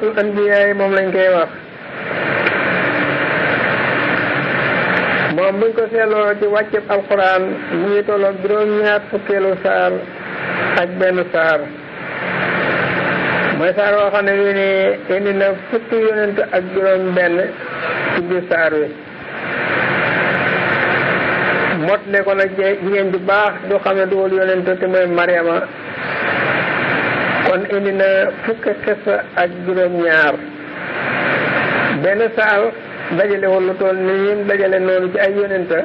suuratul anbiyaa moom lañ koy wax moom buñ ko seetloo ci wàcceb alxuraan mu ngi tolloog juróom-ñaar fukkeelu saar ak benn saar mooy saar woo xam ne wi ne indi na fukki yonent ak juróom benn ci saar wi mot ne ko nag jigéen ju baax du xam ne duwul yonent te mooy Mariama kon indi na fukk xisa ak juróom-ñaar benn saar dajale wala tool ni ñim dajale noonu ci ay yonenta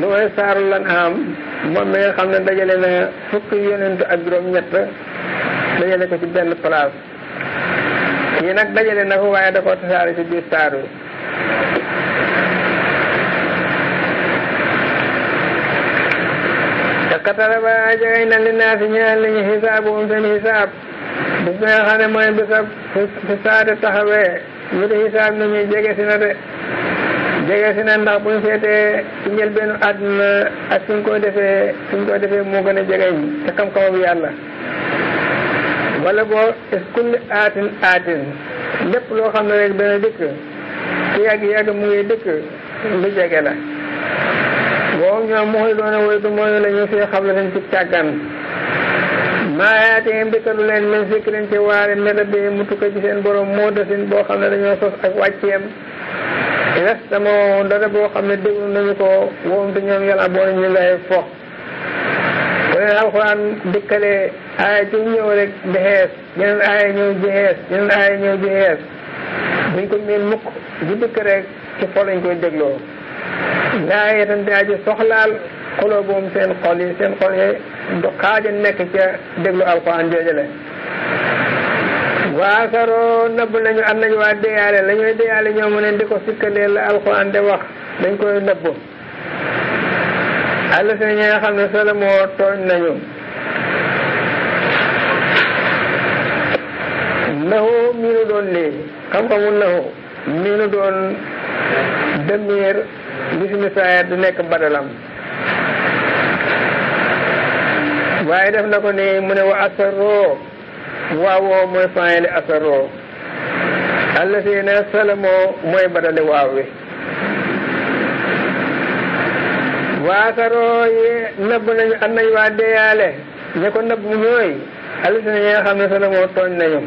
lu may saaru lan am moom mi xam ne dajale na fukk yonentu ak juróom-ñett dajale ko ci benn place yi nag dajale na ko waaye da ko tasaare ci biir saar wi xataraba jegey na li naa si ñeel li ñu xisaab seen xisaab bis bi xam ne mooy bisab fi saade taxawee ñu di xisaab ni jege si na de jege si na ndax buñ seetee ci njëlbeenu àdduna ak suñ ko defee suñ ko defee moo gën a te xam-xama yàlla wala boo is kulli aatin aatin lépp loo xam ne rek dana dëkk ci yàgg-yàgg mu ngi dëkk lu jege la boobu ñoom mooy doon a wéytu mooy la ñu fee xam la leen ci càggan maayaatee mbitalu leen min sikkirin ci waare mela bi mu tukka ci seen borom moo desin boo xam ne dañoo sos ak wàcceem res tamoo dara boo xam ne déglu nañu ko woom te ñoom yàlla boo nañu lay fo ko leen alxuraan dëkkale aaya ci ñëw rek di xees aaya ñëw ji xees aaya ñëw ji buñ ko miin mukk ji dëkk rek ci fo lañ koy dégloo laaye tan daaji soxlaal xuloobuum seen xol yi seen xol yi du xaaja nekk ca déglu alquran joojale waasaroo nëbb nañu am nañu waa déyaale la ñuy déyaale ñoo di ko sikkalee la alquran de wax dañ koy nëbb àll si ñi xam ne solomoo tooñ nañu naxu miinu doon lii xam-xamu naxu miinu doon demir bisu misaaya du nekk badalam waaye def na ko ni mu ne wa asaroo waawoo mooy faayale asaroo allasina salamoo mooy badale waaw wi waa asaroo nëbb nañu am waa deeyaale ña ko nëbb ñooy allasina ñi xam ne salamoo tooñ nañu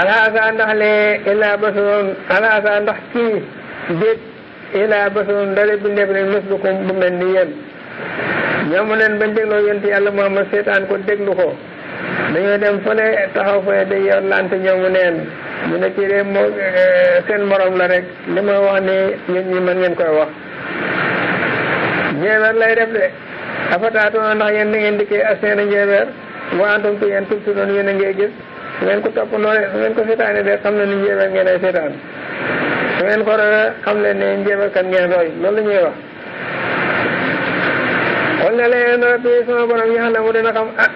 alxaasa ndax lee illaa basoon alxaasa ndax kii déet ilaa basoon ndare bi ndef leen mës lu ko bu mel ni yéen ñoomu leen bañ dégloo yonent yàlla Muhammad seetaan ko déglu ko dañoo dem fële taxaw fële day yor lante ñoomu neen ñu ne kii de moo eh, seen la rek li ma wax ni yéen ñi mën ngeen koy wax njeebeer lay def de afataatoo ndax yéen da ngeen dikkee asneena njeebeer waa antum ko yéen tub si doon yéen a ngee gis ngeen ko topp noonu ngeen ko seetaane de xam ne ni njeebeer ngeen ay seetaan su ngeen ko royee xam leen ne njéemakat ngeen roy loolu la ñuy wax kon ne leen rabbi sama borom yaa la mu dana xam ah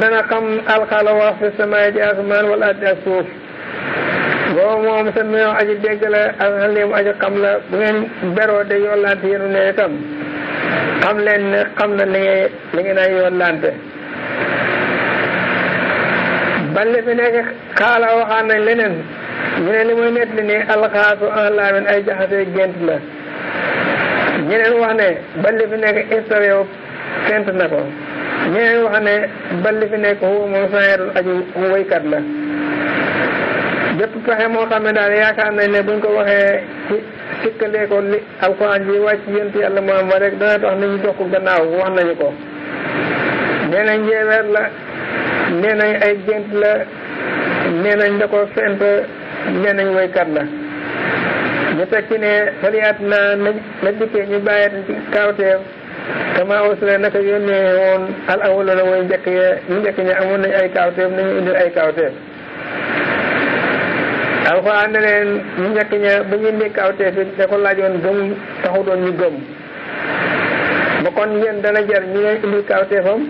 dana xam alxala wax fi samaay ci asamaan wala addi ak suuf boobu moom sa meew aji dégg la ak mu aji xam la bu ngeen beroo de yollante yéenu ne itam xam leen xam na li ngay li ngeen ay fi nekk xaala waxaan nañ leneen ñu ne li muy nett li nii alxaasu en laamin ay jaxasee gént la ñeneen wax ne ba li fi nekk instauré wu fent na ko ñeneen wax ne ba fi nekk wu moom aju woykat la jëpp pexe moo xam ne daal yaakaar nañ ne buñ ko waxee ci sikkalee ko li alxuraan ji wàcc yent yàlla mu am ba rek dana tax nit ñu jox ko gannaaw wax nañu ko nee nañ jeeweer la nee nañ ay gént la nee nañ da ko fent nee nañ woykat la bu tekki ne faliyaat naa na dikkee ñu bàyyi ci kaawteef kama usule naka yónnee woon al awala la way njëkk ya ñu njëkk ña amoon nañ ay kaawteef nañu indil ay kaawteef alxuraan ne leen ñu njëkk ña ba ñu indi kaawteef it da ko laajoon gëm taxutoon ñu gëm ba kon dana jar ñu leen indil kaawteefam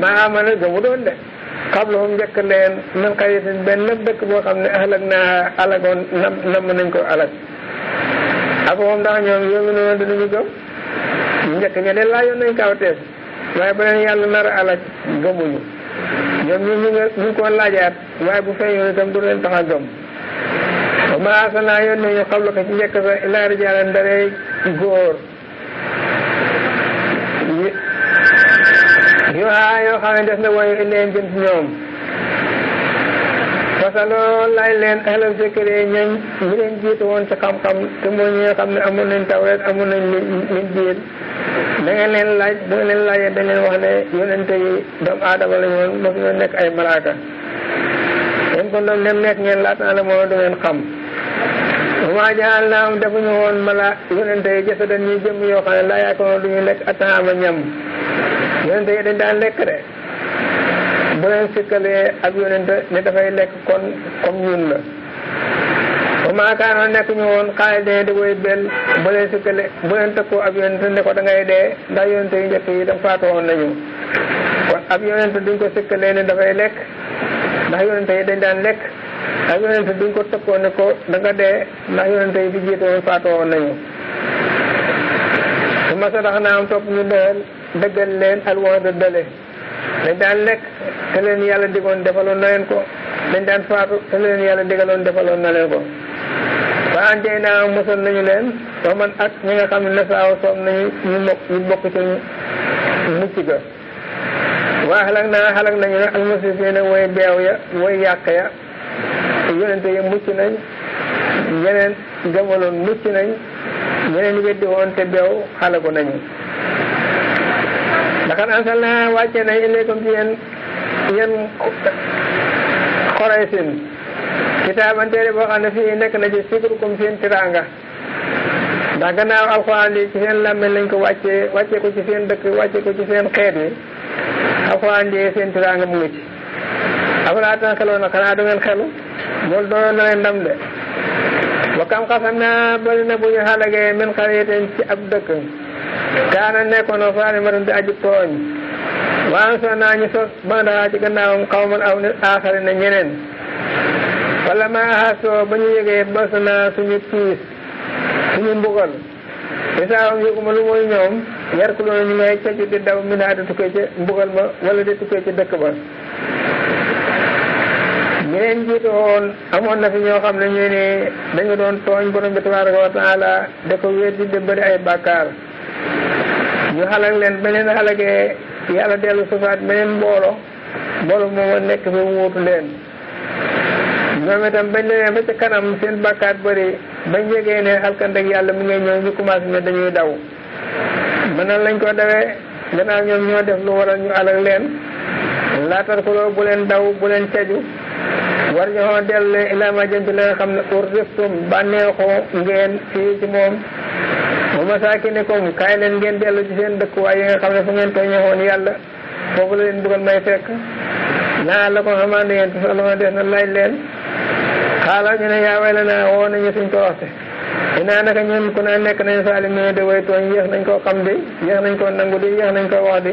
maa amana gëmu doon de xablahum njëkk leen min xaryatin benn dëkk boo xam ne ahlak naa alagoon nam nam nañ ko alag ak moom ndax ñoom yooyu noonu dinañu gëm njëkk ña de laajoon nañ kawteef waaye ba leen yàlla nar a alag gëmuñu ñoom ñu ñu ngi ko laajaat waaye bu feeñoo itam du leen tax a gëm ba ma asanaa yoon nañu xabla ko ci njëkk sa ilaa rijaalan dara góor yoo a ah yoo xam ne def na woyu ileen jëm ci ñoom fasaloo laaj leen ahlal zikri ñañ ñi leen jiitu woon ci xam-xam te mooy ñi nga xam ne amoon nañ tawreet amoon nañ linjiil da ngeen leen laaj bu ngeen leen laajee dañ leen wax ne yonente yi doomu aadama la ñoon mosu ñoo nekk ay malaaka yéen kon doom nem nekk ngeen laata la moo du xam waajaal naa am defuñu woon mala yonente yi jësa dañ ñuy jëmm yoo xam ne laa lekk ataama ñam yonente yi dañ daan lekk de bu leen sikkalee ab yonente ne dafay lekk kon comme ñun la ba maakaanoon nekk ñu woon xaalis dañuy di koy bel bu leen sikkale bu leen tëkkoo ab yonente ne ko da ngay dee ndax yonente yu njëkk yi tam faatu woon nañu kon ab ko sikkalee ne dafay lekk ndax yonente yi dañ daan lekk ak yonente bi ñu ko tëkkoon ne ko da nga dee ndax yonente yi fi jiite woon faatoo woon nañu su ma sa tax naa am topp ñu doyal dëggal leen alwan de dale dañ daan lekk te leen yàlla digoon defaloon na leen ko dañ daan faatu te leen yàlla digaloon defaloon na leen ko ba antey naa mosal nañu leen ba man ak ñi nga xam ne nasaaw soom nañu ñu mokk ñu bokk ci mucc ga waa xalak naa xalak nañu ne almasrifiina beew ya way yàq ya te yonente yi mucc nañ ñeneen gëmaloon mucc nañ ñeneen weddi woon te beew xalaku nañu laqad anzalnaa wàcce nañ ilaykum ci yéen yéen xoraysin kitaaban téere boo xam ne fii nekk na ci sikrukum seen tiraanga ndax gannaaw alxuraan yi ci seen làmmiñ lañ ko wàccee wàccee ko ci seen dëkk wàccee ko ci seen xeet yi alxuraan yi seen tiraanga mu ngi ci afalaa taqiluna xanaa du ngeen xelu ab dëkk nekkoon na faalimatun di aji tooñ waan soo naa ñu sos aw aaxari na ñeneen wala ma axasoo ba ñu yëgee bas naa suñu tiis suñu mbugal bisaawam yëguma lu muy ñoom yar ñu ngay cocc di daw minaati tukkee ci mbugal ma wala di tukkee ci dëkk ba ñi leen jiitu woon amoon na fi ñoo xam ne ñu ne dañu doon tooñ borom bi tabaraka wa taala da ko wéddi de bëri ay bàkkaar ñu xalak leen beneen xalagee yàlla dellu sufaat beneen mboolo mboolo mooma nekk fi wuutu leen ñoom itam bañ demee ba ca kanam seen bàkkaar bëri bañ jegee ne alkandek yàlla mu ngay ñëw ñu commencé ne dañuy daw mën na lañ ko dawee gannaaw ñoom ñoo def lu waral ñu alak leen laatar kuloo bu leen daw bu leen caju war ñoo dellu ilaa ma jëm ci la nga xam ne urdiftum bànneexoo ngeen fii ci moom wa masaakinikum kaay leen ngeen dellu ci seen dëkkuwaay yi nga xam ne fu ngeen tooñewoon yàlla foofu la leen dugal may fekk naa la ko xamante ngeen te solo des na laaj leen xaala ñu ne yaa way la naa woo nañu suñ toroxte inaa naka ñun ku ne nekk nañ saali mu ne way tooñ yéex nañ koo xam di yéex nañ koo nangu di yéex nañ koo wax di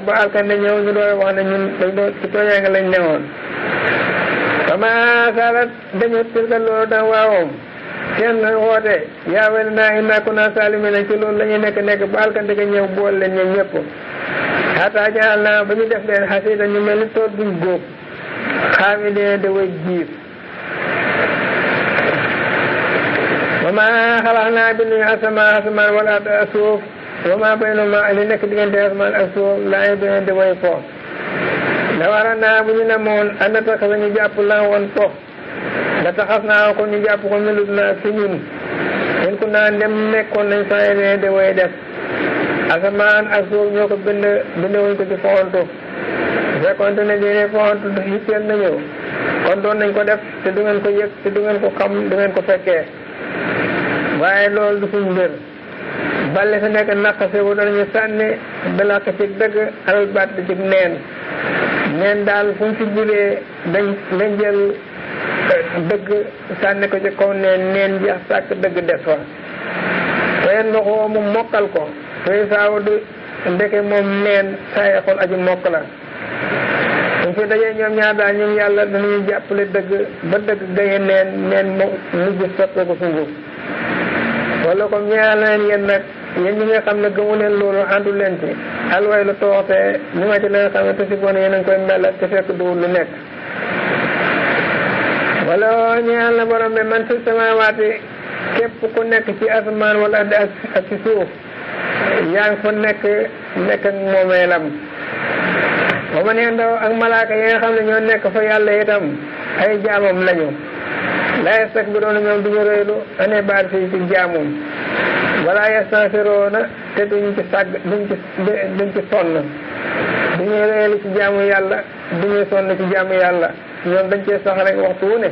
ndax ba alkande ñëw ñu doon wax ne ñun dañ doon ci tooñaange lañ newoon fama salat dañu tilka loolu da waawoom seen woote yaa waylanaa innaa kunnaa saalimiin ci loolu la nekk nekk ba alkande ga ñëw bool leen ñoom ñëpp xataa jaxal naa ba ñu def leen xasida ñu mel ni tool buñ góob xaami dine da way jiif fama xalax naa bi nuñu asamaan asamaan wala suuf wama baynahuma li nekk diggante asamaan ak suuf laay doonante mooy po la war a naa bu ñu namoon an na taxasa ñu jàpp la woon po la taxas naa ko ñu jàpp ko melut naa si ñun ñun ku naa dem nekkoon nañ saa yeneen de way def asamaan ak suuf ñoo ko bind bind wuñ ko ci fontu fekkonte ne dine fontu yitteel na ñëw kon doon nañ ko def te du ngeen ko yëg te du ngeen ko xam du ngeen ko fekkee waaye loolu du suñ mbir balle fi nekk naqase bu ñu sànni balaa ko ci dëgg alal baat di jig neen neen daal fu mu fi bulee dañ dañ jël eh, dëgg sànni ko ci kaw neen neen jeex dëgg des fa waaye ndoxoo mu mokkal ko fay saawa du ndeke moom neen saa yaxoon aju mokk la bu fi dajee ñoom ñaar daal ñoom yàlla dañuy jàppale dëgg ba dëgg gaye neen neen mu mujj sottee ko sunguf wala ko ñeel leen yéen nag ñun ñi nga xam ne gëmu leen loolu àndul leen ci alway lu tooxte ni ma ci la xam ne te si bon yéen a ngi koy melal te fekk duwul lu nekk wala ñeel na borom bi man fi samawaati képp ku nekk ci asamaan wala ad ak ci suuf yaa ngi fa nekk nekk ak moomeelam ba ma neen daw ak malaaka yi nga xam ne ñoo nekk fa yàlla itam ay jaamam lañu la yastakbiruuna ñoom du ñu rëylu anee baal fii ci jaamoom wala yastaghfiruuna te duñ ci sàgg duñ ci duñ ci sonn du ñu ci jaamu yàlla du ñu sonn ci jaamu yàlla ñoom dañ cee sax rek waxtu wu ne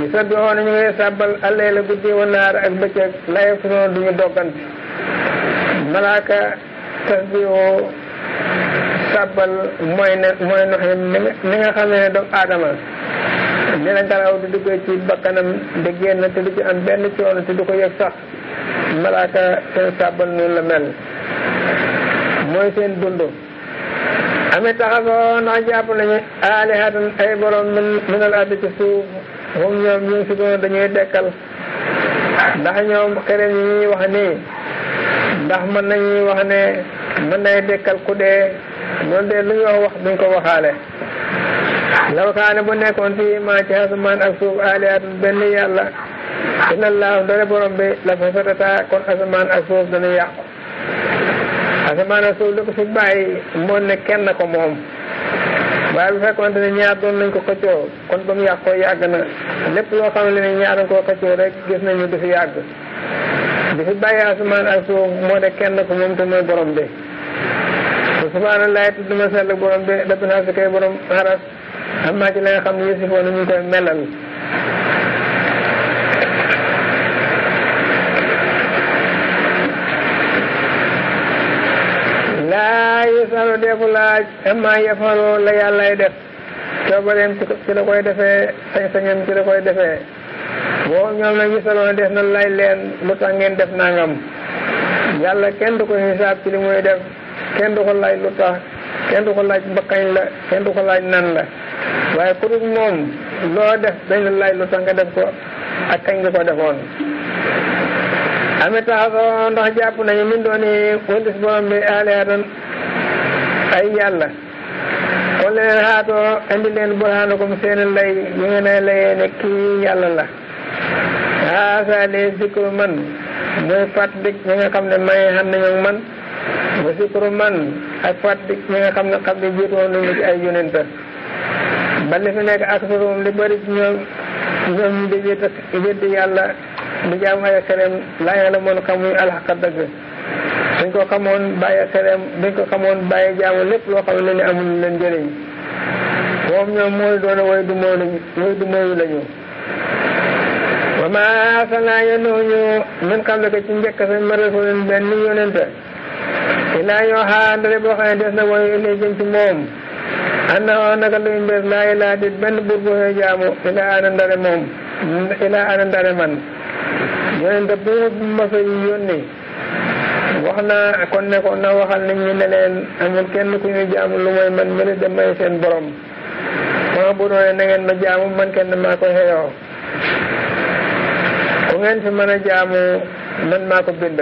yusabbihuuna ñu ngi sàbbal al-layla guddi wa naar ak bëccëg la yafturuuna du ñu doggante malaaka tasbihu sàbbal mooy ne mooy noxi mi nga xam ne doomu aadama ne na ngelaw di ci bakkanam di génn te du ci am benn coono te du ko yëg sax malaaka seen sàbbal noonu la mel mooy seen dund amit taxasoo ndax jàpp nañu aalihatan ay borom min minal ardi ci suuf moom ñoom ñu si doon dañuy dekkal ndax ñoom keneen yi ñuy wax nii ndax mën nañuy wax ne mën nay dekkal ku dee loolu de lu ñu wax wax duñ ko waxaale law kaana bu nekkoon fii maa ci asamaan ak suuf aalihatun benn yàlla illallahu ndare borom bi la fasadata kon asamaan ak suuf dana yàqu asamaan ak suuf li ko fi bàyyi moo ne kenn ko moom waaye bu fekkoon ne ñaar doon nañ ko xëccoo kon ba mu yàqoo yàgg na lépp loo xam ne ñaar nañ koo xëccoo rek gis nañu du fi yàgg du fi bàyyi asamaan ak suuf moo de kenn ko moom te mooy borom bi subhaanallahi tudd sell borom bi dafa naa si borom aras amma ci la nga xam ne yusufoo na ñu koy melal laa yusalu defu laaj amma yafaloo la yàllay def coobareem ci la koy defee sañ ci la koy defee boo ñoom nag yusaloona def na lay leen lu tax ngeen def nangam yàlla kenn du ko xisaab ci li muy def kenn du ko laaj lu tax kenn du ko laaj ba kañ la kenn du ko laaj nan la waaye ku dul moom loo def dañ laaj lu tax nga def ko ak kañ nga ko defoon ame taxaso ndax jàpp nañu min dooni wëndis borom bi aleatan ay yàlla kon leen xaatoo indi leen burhaanakum seen lay yi ngeen a layee ne kii yàlla la xaasa lee zikru man mooy fàttali ñi nga xam ne may xam nañu man wa zikru man ak fàttali mi nga xam ne xam ne jiitu woon nañu ci ay yonenta ba fi nekk ak moom li bëri ci ñoom ñoom ñu di wéet ak wéddi yàlla di jaamu ay xereem laa yàlla moon xamuy alxaqa dëgg dañ ko xamoon bàyyi xereem dañ ko xamoon bàyyi jaamu lépp loo xam ne ni amul leen njëriñ moom ñoom mooy doon way du mooy lañu way du mooyu lañu wa ma arsalnaa ñu min ci njëkk sa maral ko leen benn yonente i naa ñoo xaandale boo xam ne des na woyu ilay jëm ci moom an na naka lu mu laa ilaa dit benn buur bu xëy jaamu ila ana ndare moom a yónni wax na kon ne ko na waxal ni ñi ne leen amul kenn ku ñu jaamu lu mooy man mëne damay seen borom sama bu doone na ngeen ma jaamu man kenn maa ko xeyoo ku ngeen fi mën a jaamu man maa ko bind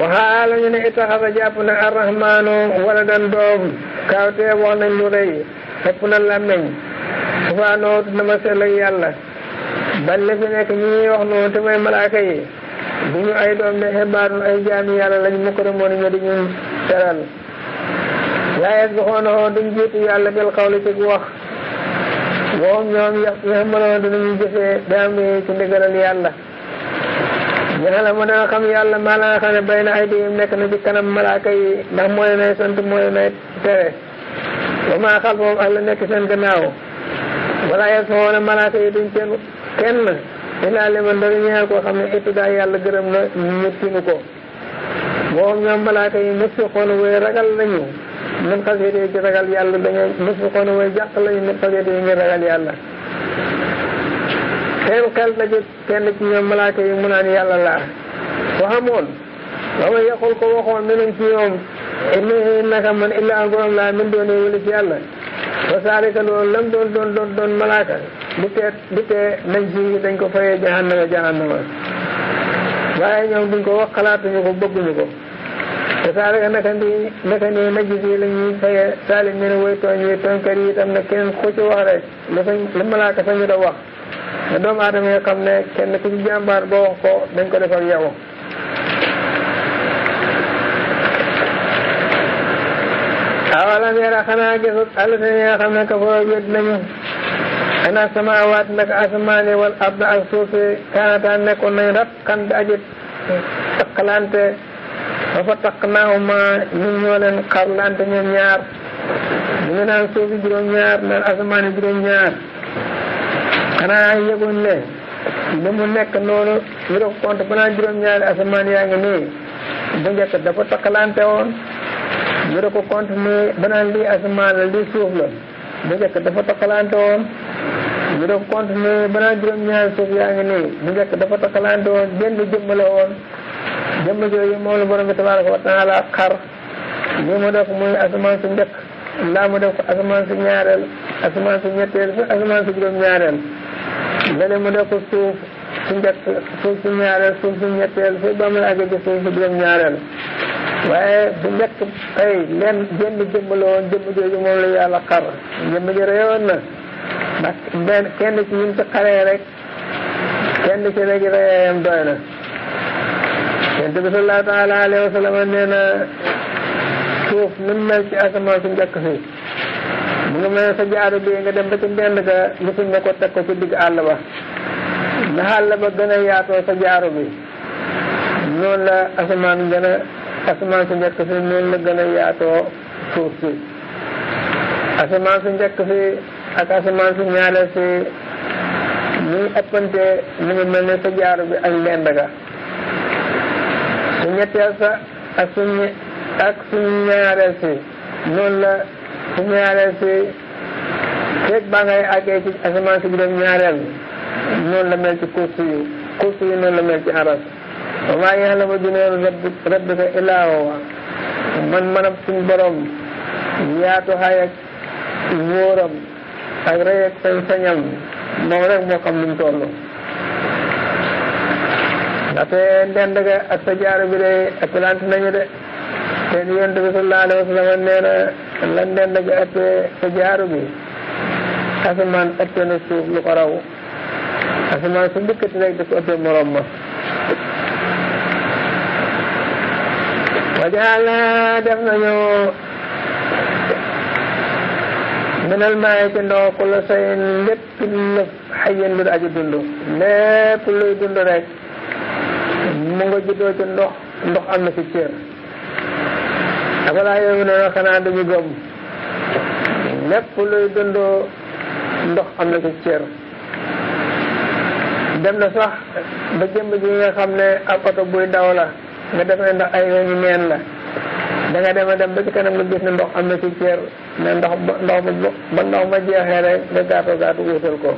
waxaala ñu ne a jàpp na arrahmaanu wala dan doom kaawtee wax nañ lu rëy ëpp na làmmeñ subhaanahu na ma sell ak yàlla ban la fi nekk ñu ñuy wax noonu te may malaaka yi bu ñu ay doom de xibaarun ay jaami yàlla lañ mu ko demoon ñu di ñu teral laayes bi xoona xoon duñ jiitu yàlla bil xawli ci wax waxum ñoom yax yamaloon dinañu jëfee daam ci ndigalal yàlla yàlla ma danga xam yàlla ma la nga xam ne bay na ay di nekk na ci kanam malaaka yi ndax mooy nay sant mooy nay tere ba maa xal foofu ak nekk seen gannaaw wala yas fa woon malaaka yi duñ kenn kenn illaa liman dara ñeel koo xam ne ittu daay yàlla gërëm na ñu tinu ko moom ñoom malaaka yi mës xoon way ragal lañu min xasee ci ragal yàlla dañoo mës xoon way lañu mun xasee yi ngir ragal yàlla seen xel daje kenn ci ñoom malaaka yi mu naan yàlla laa waxamoon waaw yaqul ko waxoon meneen ci ñoom inni naka man illaa an laa min doone wala ci yàlla wa loolu lam doon doon doon malaaka du tee du tee nañ ci dañ ko fayee jahannama jahannama waaye ñoom duñ ko wax xalaatuñu ko bëgguñu ko te naka ndi naka nii najj si la ñuy saalim ñu ne woy tooñ woy tooñkat yi itam nag keneen ku ci wax rek la malaaka sañu wax doomu aadama yoo xam ne kenn ku ci jàmbaar boo wax ko dañ ko defal yow awalam yara xanaa gisut àllaseen yoo xam ne kafaroo wét nañu ana samaawaat nag asamaani wal ard ak suuf si kaanataan nekkoon nañ rat kan bi ajit takkalante ba fa takk naawuma ñun ñoo leen xarlante ñoom ñaar ñu ngi naan suuf juróom-ñaar naan asamaani juróom-ñaar xanaa yëgoon ne li mu nekk noonu ñu doon compte balaa juróom-ñaari asamaan yaa ngi nii bu njëkk dafa takkalante woon ñu doon ko compte nii banaan lii asamaan la lii suuf la bu njëkk dafa takkalante woon ñu doon compte nii banaan juróom-ñaari suuf yaa ngi nii bu njëkk dafa takkalante woon benn jëmm la woon jëmm jooju moom la borom bi tabaaraka wa taala xar lii mu def muy asamaan su njëkk laa mu def ko asamaan su ñaareel asamaan su ñetteel su asamaan su lale mu def ko suuf su njëkk suuf su ñaareel suuf su ñetteel suuf ba mu àgg ci suuf su juróom-ñaareel waaye bu njëkk ay lenn jëmm jëmm la woon jëmm jooju moom la yàlla xar jëmm ji reyoon na ndax benn kenn ci ñun ci xaree rek kenn ci rek reyaayam doy na yonent bi sallallahu taala alayhi wa sallam nee na suuf ni mu mel ci asamaan su njëkk si mu ngi mel sa jaaro bi nga dem ba ci ndend ka musuñ na ko teg ko ci digg àll ba na àll ba gën a yaatoo sa jaaro bi noonu la asamaan gën a asamaan su njëkk si noonu la gën a yaatoo suuf si asamaan su njëkk si ak asamaan su ñaareel si muy ëppante mu ngi mel ne sa jaaro bi ak ndend ka su ñetteel sa ak su ak su ñaareel si noonu la su ñaareel si feeg baa ngay àggee ci asamaan si juróom ñaareel noonu la mel ci kursi yu kursi yu noonu la mel ci aras wa maa ya'lamu junuuda rabbika illaa huwa man manam suñ borom yaatu xay ak ak rëy ak sañ moom rek moo xam lu mu toll ndaxte dend ak sa jaar bi de ak plante nañu de seen yonent bi sallallahu alayhi wa sallam nee na lan leen dañu ëppee sa jaaru bi asamaan ëppee na suuf lu ko asamaan su njëkkati rek dafa ëppee morom ma wajaala def nañu minal maay ci ndox ku la sayin lépp lëf xayin lu aju dund lépp luy dund rek mu nga juddoo ci ndox ndox am na ci cër afalaa yooyu ne na xanaa dañu gëm lépp luy dundoo ndox am na ci cër dem na sax ba jëmb ji nga xam ne ak oto buy daw la nga defee ndax ay weñu neen la da nga dema dem ba ci kanam nga gis ne ndox am na ci cër mais ndox ba ndox ba ndox ma jeexee rek nga gaato gaatu wutal ko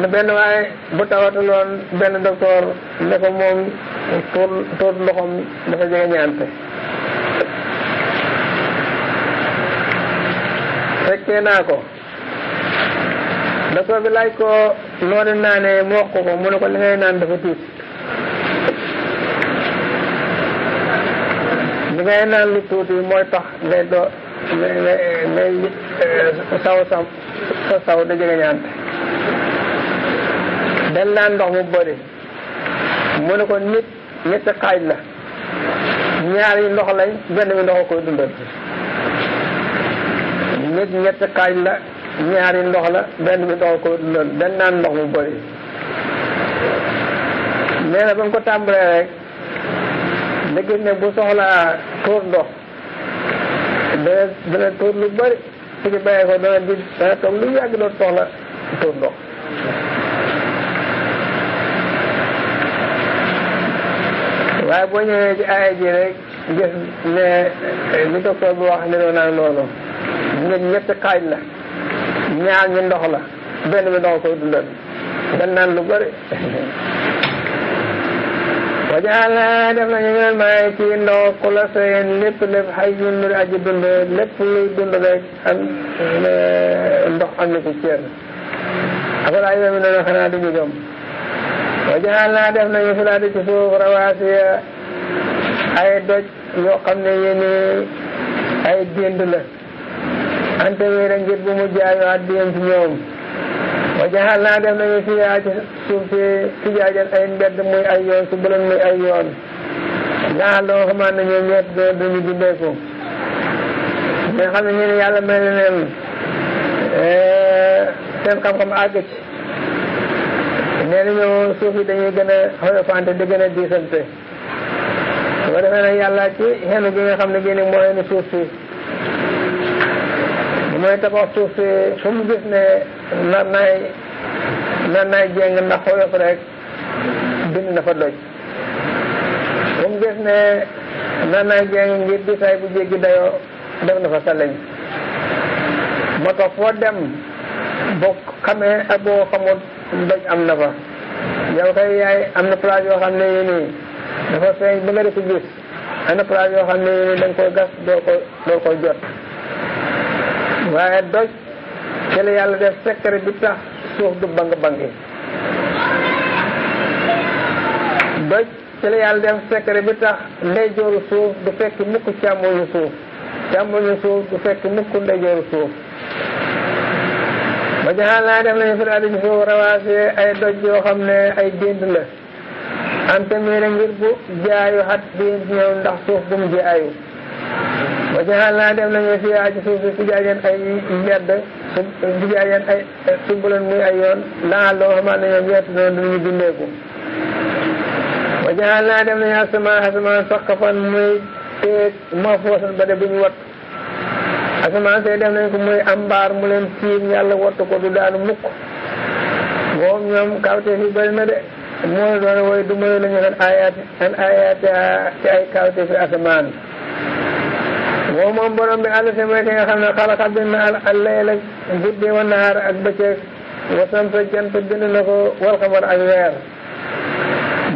na benn waaye bu tawatuloon benn docteur ne ko moom tuur tuur loxoom dafa jege ñaante fekkee naa ko docteur bi laaj ko noo de naane ko ko mu ne ko li ngay naan dafa tuut li ngay naan lu tuuti mooy tax ngay do ngay ngay eh, saw saw saw da jege ñaante dañ naan ndox mu bëri mu ko nit ñetti xaaj la ñaari yi ndox lañ benn bi ndox a koy dundal nit ñetti xaaj la ñaari yi la benn bi ndox koy dundal dañ naan ndox mu bari nee na ba mu ko tàmbalee rek da ne bu soxlaa tuur ndox dana dana tuur lu bëri su ci bayee ko dana di dana toog lu yàgg doon soxla tuur ndox waaye boo ñëwee ci aaya ji ne li docteur bi wax niroo naa noonu nga ñetti xaaj la ñaar ñi ndox la benn bi ndox koy dundal dan naan lu bëri wajaala def nañu mel maay ci ndox ku la seen lépp lépp xay yun lu aji dund lépp luy dund rek am eh, ndox am na ci cër afalaa duñu gëm wajaxal naa def nañu fi di ci suuf rawaasiya ay doj yoo xam ne yéene ay dénd la ante wéer a ngir bu mu jaayoo addiyam ci ñoom wajaxal naa def nañu fi laa ci suuf si tijaajan ay mbedd muy ay yoon su bëlan muy ay yoon nga xam loo xamaan ne ñoom ñett duñu dindeeku nga xam ne ñu ne yàlla mel eh, seen xam-xam àgg nee nañu moom dañuy gën a xoyofante di gën a diisante su ko defee yàlla ci xenu gi nga xam ne gii nii moo xenu suuf si bu may tabax suuf si fu mu gis ne nar naay nar naay jéng xoyof rek bind na fa doj fu mu gis ne nar naay jéng ngir disaay bu jéggi dayoo def na fa saleñ moo tax foo dem boo xamee ak xamut doj am na fa yow kay yaay am na place yoo xam ne yii nii dafa feeñ ba nga di ko gis am na place yoo xam ne yii nii da koy gas doo koy doo ko jot waaye doj ci yàlla def secret bi tax suuf du bang bangi doj ci la yàlla def secret bi tax ndeyjooru suuf du fekk mukk càmmoñu suuf càmmoñu suuf du fekk mukk ndeyjooru suuf ba jaxal naa nañu fi daal di suuf ay doj yoo xam ne ay gént la antamire ngir bu jaayu xat bii ñëw ndax suuf bu jaayu ba jaxal naa nañu fi ay yoon laa loo xamaa ne ñoom yett noonu duñu bindeeku ba jaxal naa def nañu asamaan asamaan saqafan muy teeg ma foosan ba de bu wat asamaan see def nañ ko muy am mbaar mu leen tiim yàlla wattu ko du daanu mukk moom ñoom kawteef yi bëri na de moo doon woy du mayu la ñu an ayaat an ayaat ci ay kawteef yi asamaan moom moom borom bi àll si mooy ki nga xam ne xalaxal bi na al al-layla guddi wa naar ak bëccëg wa samsa jant bind na ko wal ak weer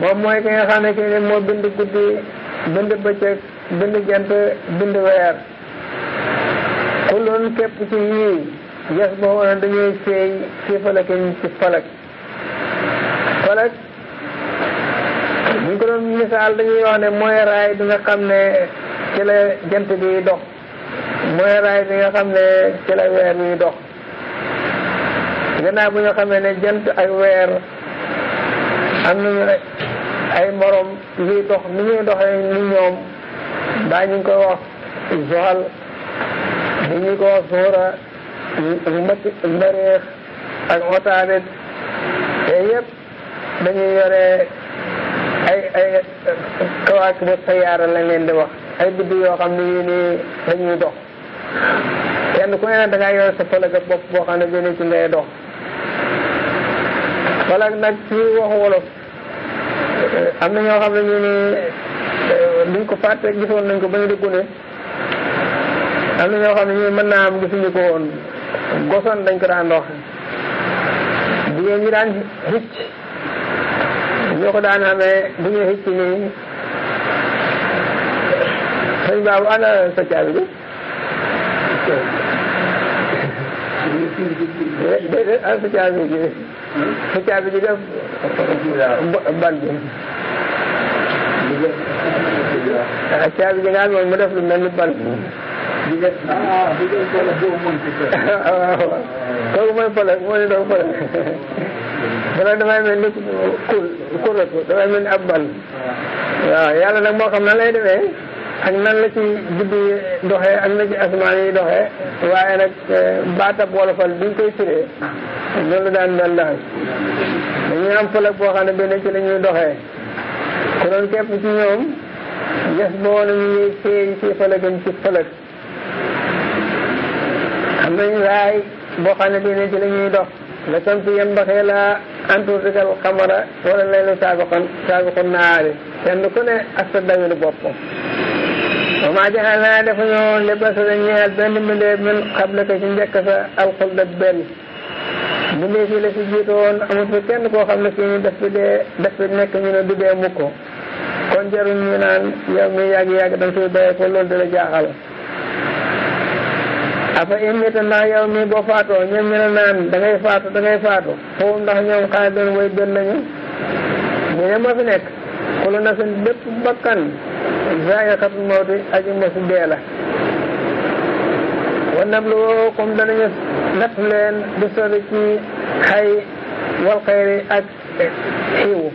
moom mooy ki nga xam ne kii moo bind guddi bind bëccëg bind jant bind weer xuloon képp ci yii yes ba woona dañuy feey ci falakin ci falak falak ñu ko doon misaal dañuy wax ne mooy raay bi nga xam ne ci la jant bi dox mooy raay bi nga xam ne ci la weer bi dox gannaaw bu nga xamee ne jant ak weer am nañu ay morom yuy dox ni ñuy doxee ni ñoom daa ñu koy wax zoxal bi ñu ko Zuhra lu mat Mbariix ak Otaabit te yëpp dañuy yore ay ay kawaakibu sayyaara lañ leen di wax ay biddi yoo xam ne yii nii dañuy dox kenn ku ne nag da yore sa falak ak bopp boo xam ne benn ci ngay dox nag ci waxu wolof am na ñoo xam ne ñu ni eh, duñ ko fàtte gisoon nañ ko ba ñu am na ñoo xam ne ñii mën naa am gisuñu ko woon gosoon dañ ko daan dox jigéen ñi daan xicc ñoo ko daan amee bu ñuy xicc nii sëñ baabu ana sa bi déedéet ana sa caabi caabi bi caabi ji mu def lu mel ni ban bi waaw kooku mooy fole mooy doon fole wala damay mel ni kul kuratu damay mel ni ab bal waaw yàlla nag moo xam nan lay demee ak nan la ci jubbi doxee ak na ci asmaan yi doxee waaye nag baatab wolofal bi ñu koy firee loolu daan mel daal dañuy am fole boo xam ne benn ci la ñuy doxee ku doon képp ci ñoom ges boo nañu ñuy feeñ ci fëlëgam ci fëlëg am nañu boo xam ne bii ci la ñuy dox la samsi yan baxee la antusikal xamara wala laylu saabiqan saabiqun naari kenn ku ne ak sa dawilu wa maa jaxal naa dafa ñoo lebasa da ñeel benn mbindeef min xable ko ci njëkk sa alxulda benn mbindeef yi la si woon amul fi kenn koo xam ne fii ñu def fi dee def fi nekk ñu ne du dee mukk kon jarul ñu naan yow mi yàgg-yàgg danga fiy bayee ko loolu di la jaaxal afa imita ndax yow mi boo faatoo ñoom ñu ne naan da faatu da faatu foofu ndax ñoom xaay doon way doon nañu mu ne ma fi nekk la na seen bépp bakkan zaa'iqatul mawti aji mosu dee la wa nabluwukum danañu natt leen di sori ci xay wal xayri ak xiiwu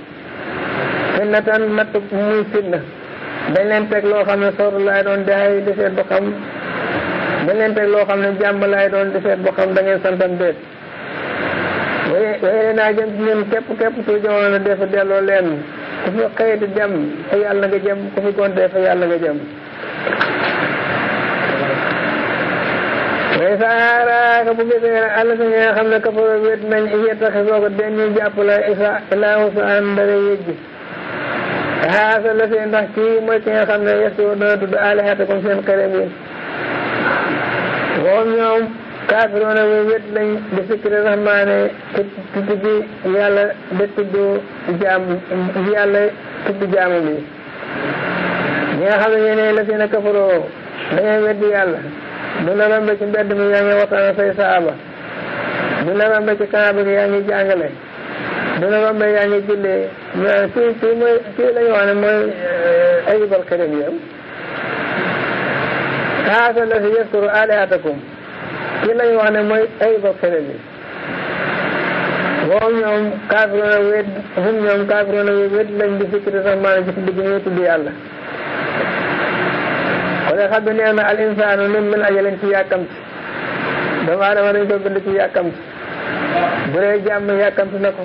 fitnatan natt muy fitna dañ leen teg loo xam ne sooru laay doon di xay di xam da ngeen teg loo xam ne jàmm laay doon di feet boo xam da ngeen santam déet waaye naa jëm ci ñun képp képp kuy jamono na def delloo leen ku fi xëyati jëm fa yàlla nga jëm ku fi gontee fa yàlla nga jëm waaye saaraaka bu gisee ne àll si nga xam ne kafaroo wét nañ yettaxi soo ko den ñu jàpp la isa ilaahu sa an dara yëjji xaasa la seen ndax kii mooy ki nga xam ne yestu dana tudd alihatakum seen xërëm yi waxoon ñoom kaafiroon a way wét lañ di fikri rahmaane yàlla de tudd jaamu yàlla tudd jaamu bi ñi nga xam ne ñeneen la seen kafaroo dañuy weddi yàlla bu la rombe ci mbedd mi yaa ngi waxtaan ak say saaba bu la rombe ci kanam bi yaa ngi jàngale bu jullee kii kii mooy kii la ñu wax ne mooy ayibal xarit xaasa la fi yasturu alihatakum ki lañu wax ne mooy ay bokkale bi moom ñoom kaafiroona wéet hum ñoom kaafiroona wéet lañ di fikri rahmaani gis digg ñuy tudd yàlla wala xam ne nee na al insaanu lim min ajalin ci yàkkamti doomu aadama dañ ko bind ci yàkkamti bu dee jàmm yàkkamti na ko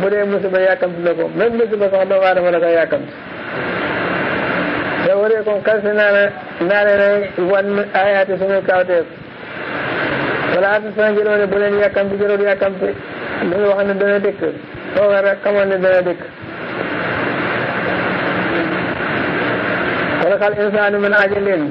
bu dee musiba yàkkamti na ko même musiba sax doomu aadama da koy yàkkamti uriikum kasi naa ne naa leen wan ayaati suñu kawteef wala te san jëloo ne bu leen yàkkamti jëloo yàkkamti lu ñu wax ne dana dëkk fooga rek xamoon ne dana dëkk xalaqal insaanu min ajalin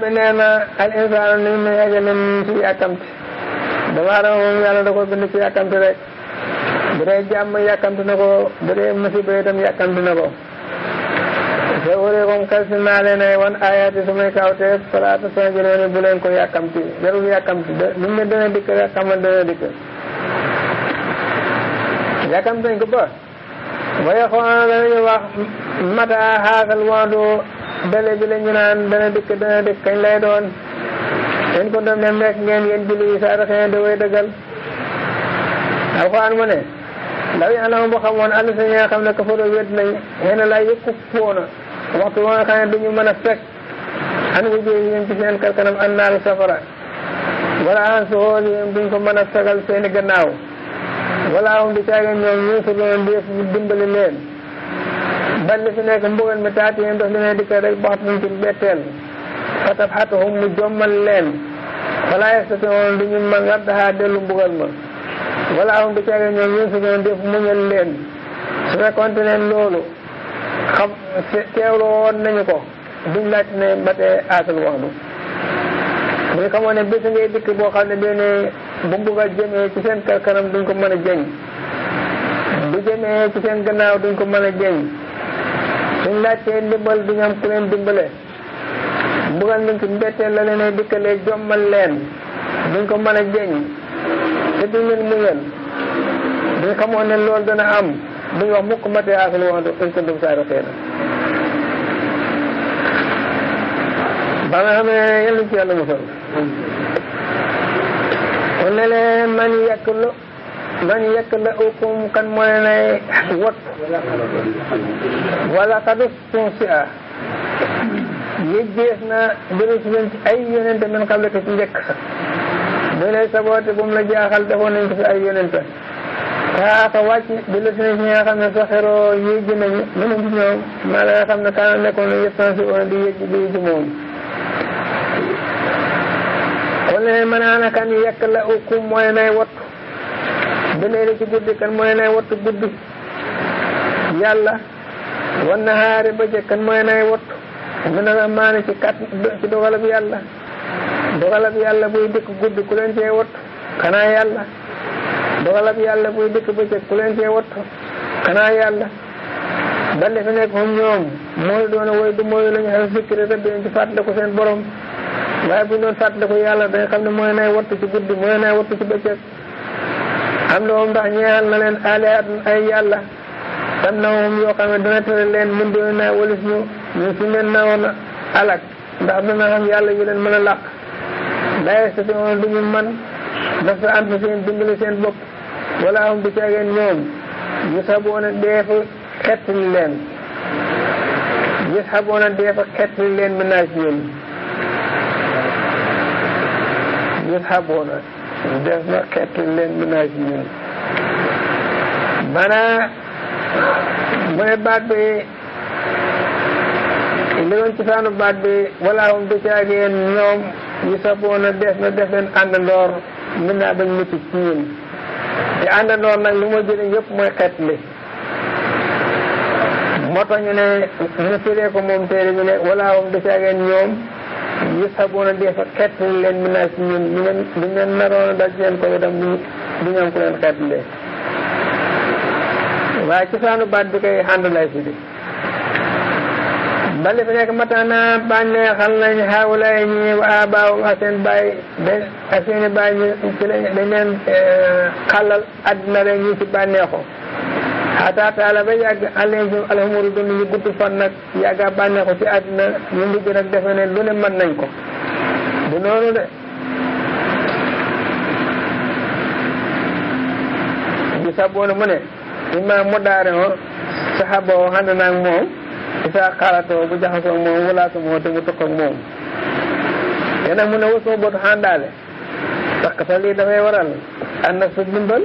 bi nee na al insaanu ni mu ajalin fi yàkkamti dama adama moom yàlla da ko bind fi yàkkamti rek bu dee jàmm yàkkamti na ko bu dee musiba itam yàkkamti na ko te uriikum kasi naa leen ay wan ayaati sumay kawteef fala tastajiluuni bu leen ko yàkkamti jarul yàkkamti lu mu dana dikk rek xamal dana dikk yàkkamti nañ ko ba waaye xoolal ah, danañu wax mata xaasal waandu dale bi la ñu naan dana dikk dana dikk kañ lay doon seen ko doon dem rek ngeen yéen julli yi saa dafa da way dëggal alxuraan mu ne ndaw yi anam boo xamoon àll xam ne kafaroo wét nañ xëy na laa yëkku poona waxtu ba nga xam ne duñu mën a fekk an wujjee yi ci seen kar kanam an naal safara wala an soxoor yi duñ ko mën a fegal seeni gannaaw wala am di caagin ñoom ñu su doon def dimbali leen bal li fi nekk mbugal mi taatihim daf leen dikkal rek baxtun ci mbetteel fa mu jommal leen wala yastatoon du ñu dellu mbugal ma wala hum du caage ñoom yun su doon def muñal leen su xam teewlu woon nañu ko duñ laaj ne mbatee aasul wax du bu ñu xamoon boo xam ne benn bu mbugal jëmee ci seen kanam duñ ko mën a jeñ bu jëmee ci seen gannaaw duñ ko mën a jeñ suñ laajtee ndimbal du ñu am ku leen dimbale mbugal mi ci mbetteel la leen ay dikkalee jommal leen duñ ko mën a jeñ te duñ leen muñal duñ xamoon ne loolu dana am duñ wax mukk mate aakul wax in kuntum saadiqiina ba nga xam ne yàlla ci yàlla musal kon ne leen man yàkk lu man yaklaukum kan mooy ne wat wala xadus tunsi a yëggees na jële ci ci ay yonente men xam le ci njëkk bi la jaaxal defoon nañ ko fi ay yonente kaaka wàcc jële ci leen ci nga xam ne saxiroo yëgg nañu mën a xam ne kaana nekkoon na yëpp tansi ona di yëgg di yëgg moom kon na kan yaklaukum mooy nay wat beneen ci guddi kan mooy nay wattu guddi yàlla wan na xaari bëccëg kan mooy nay wattu mun a maane ci kat ci dogalab yàlla dogalab yàlla buy dikk guddi ku leen cee wattu xanaa yàlla dogalab yàlla buy dikk ku leen cee wattu yàlla ba defe nekk moom ñoom mooy doona woy du mooy lañu xas sikkiri rek dinañ fàttaliku seen borom waaye bu ñu doon fàttaliku yàlla dañ xam ne mooy nay wattu ci guddi mooy nay wattu ci bëccëg am na ndax ñeel na leen alihatun ay yàlla tam na moom yoo xam ne dana tere leen mën doon naa walis ñu ñu suñ leen naawoon alak ndax dana xam yàlla yu leen mën a làq daye sa si on duñu man daf sa am seen dimbali seen bopp wala am du caageen ñoom gis xaboona deefa xettali leen gis xaboona deefa xettali leen bi naa ci ñun gis def na xettali leen ménage yi ñun bana mu ne baat bi li woon ci saanu baat bi walla moom du caageen ñoom yi saboona def na def leen àndandoor mën naa bañ mucc ci ñun te àndandoor nag lu ma jëlee yëpp mooy xettali moo tax ñu ne mu firee ko moom téere bi ne walla moom du caageen ñoom yu saboon a dee fa xettali leen mi naa ci ñun ñu leen duñ leen naroon a dal ci leen ko itam ñu duñu am ku leen xettalee waaye ci baat bi koy ànd lay fi bi bale fi nekk matanaa bànnee xal nañ xawlay ñi waa baaw ak seen bàyyi dañ ak seeni bàyyi ñu ci lañ dañ leen eh, xalal àddina ci bànneexoo xataa taala ba yàgg aleyhim alhamuru dund ñu gudd fan nag yàgga bànneexu ci àddina ñu mujj nag defe ne lu ne mën nañ ko du noonu de bi saboona mu ne imaam mu daare o saxaba o xand naag moom bu jaxasoo moom walaasumoo te mu tokk ak moom te mu ne wasuma bootu xàndaale parce que lii dafay waral ànd ak sa dimbal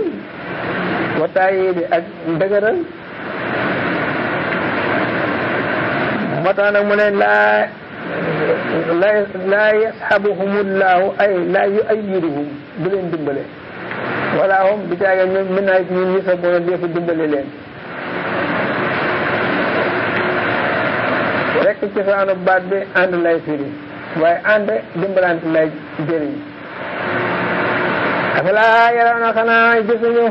wataay bi ak ndëgëral moo tax nag mu ne laa laa yasxabuhumullaahu ay laa yu ayyiduhum du leen dimbale wala hum du caage ñoom mën naa ñun ñi sa bona defu dimbale leen rekk ci saanu baat bi ànd lay firi waaye ànd dimbalante lay jëriñ afalaa yarawna xanaa gisuñu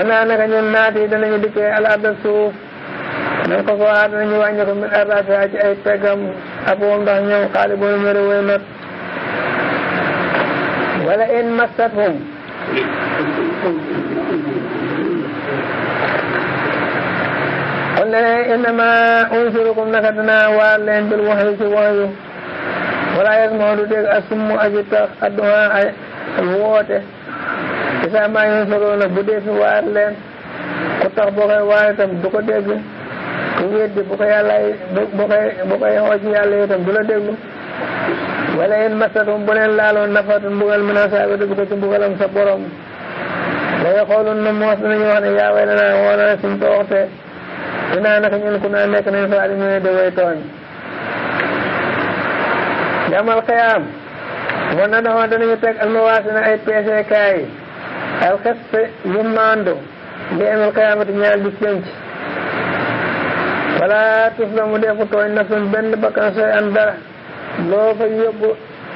ana naka ñun naat yi danañu dikkee al arda suuf nan ko soo danañu wàññi ko min arrafiha ci ay peggam aboom ndax ñoom xaali boo ñu mere way not wala in massathum kon ne innama unsirukum naka danaa waar leen bil waxyu ci waxyu wala yasmahu du dégg asummu aji tax adduha ay woote isaa maa ngi soroona bu dee fi waar leen ku tax boo koy waar itam du ko dégg ku weddi bu ko yàlla bu koy bu koy xooj yàlla itam du la déglu wala in masatum bu leen laaloon nafatun mbugal mën a saaba dugg ko ci mbugalam sa borom léegi xoolun na moos nañu wax ne yaa way danaa na suñ ko waxte dinaa ñun ku naa nekk nañ faali mu ne de tooñ yamal xiyaam wan na daxoon danañu teg almawaasi na ay peesekaay alxest mu maando li amal qiyaamati ñaal di penc wala tuslamu defu tooñ nafsun benn bakkan sooy dara loo fa yóbbu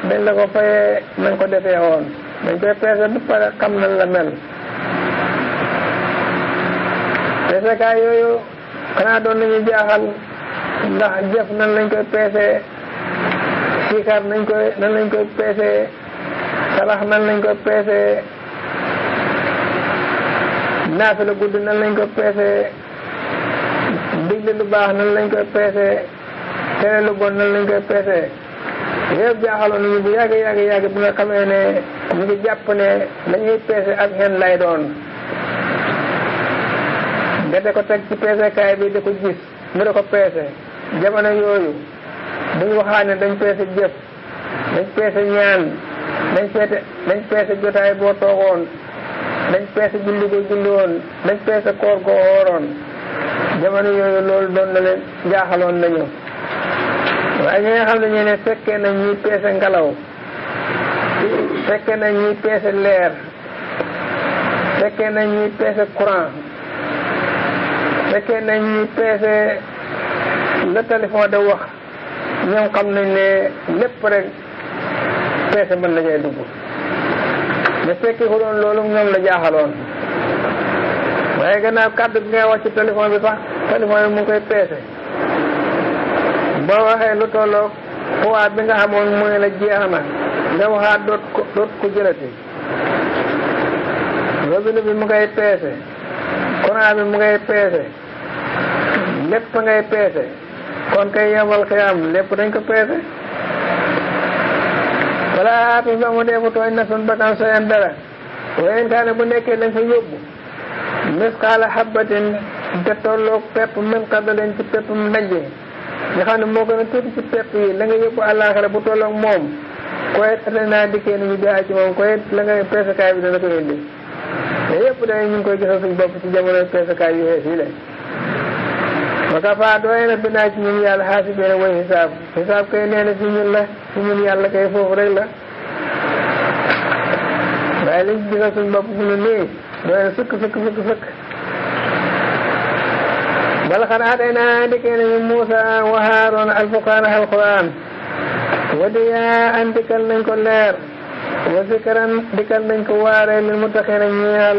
dañ la ko fayee nañ ko defee woon dañ koy peese bu pare xam nan la mel peese kaa yooyu xanaa doon nañu jaaxal ndax jëf nan lañ koy peesee siikar nan lañ koy peesee naafila guddi nan lañ koy peesee digle lu baax nan lañ koy peesee tere lu bon nan lañ koy peesee yëpp jaaxaloon nañu bu yàgg yàgg yàgg bu nga xamee ne ñu ngi jàpp ne dañuy peese ak xen lay doon nga da ko teg ci peesekaay bi da ko gis mu da ko peese jamono yooyu dañ waxaat ne dañ peese jëf dañ peese ñaan dañ peese dañ peese jotaay boo toogoon dañ peese julli ko julli woon dañ peese koor ko wooroon jamono yooyu loolu doon na leen jaaxaloon nañu waaye ñi nga xam ne ñu ne fekkee nañ ñuy peese ngelaw fekkee nañ ñuy peese leer fekkee nañ ñuy peese courant fekkee nañ ñuy peese le téléphone de wax ñoom xam nañ ne lépp rek peese mën nañu dugg ñu fekke ko doon loolu ñoom la jaaxaloon waaye gannaaw kàddu gi ngay wax ci téléphone bi sax téléphone bi mu ngi koy peese boo waxee lu tolloog poids bi nga mu ko doot ko jëlati mu ngay peese mu ngay peese lépp ngay peese kon kay yombal xiyam lépp dañ ko peese wala aatu doomu dee bu tooñ na sun bakkan dara wayen kaane bu nekkee lañ fa yóbbu misqaala xabbatin te tolloog pepp mën xadalañ ci pepp mu ndajje nga xam ne moo ko a tuuti ci pepp yi la nga yóbbu àllaaxira bu tolloog moom koyet atali naa dikkee ni ñu gaa ci moom koyet la nga peesakaay bi dana ko indi te yëpp dañ ñu ngi koy gisal suñu bopp ci jamono peesakaay yu xees yi la wa kafaa doy na bi naa ci ñun yàlla xaasibeena way xisaab xisaab kay nee na ci ñun la ci ñun yàlla kay foofu rek la waaye liñ ci gisal suñ bopp suñu néew doy na sëkk sëkk sëkk sëkk bal xanaa day naa dikkee nañu Muusa wa Haaroon alfurqaan alquran wa diyaan dikkal nañ ko leer wa zikran dikkal nañ ko waare lil muttaqiina ñeel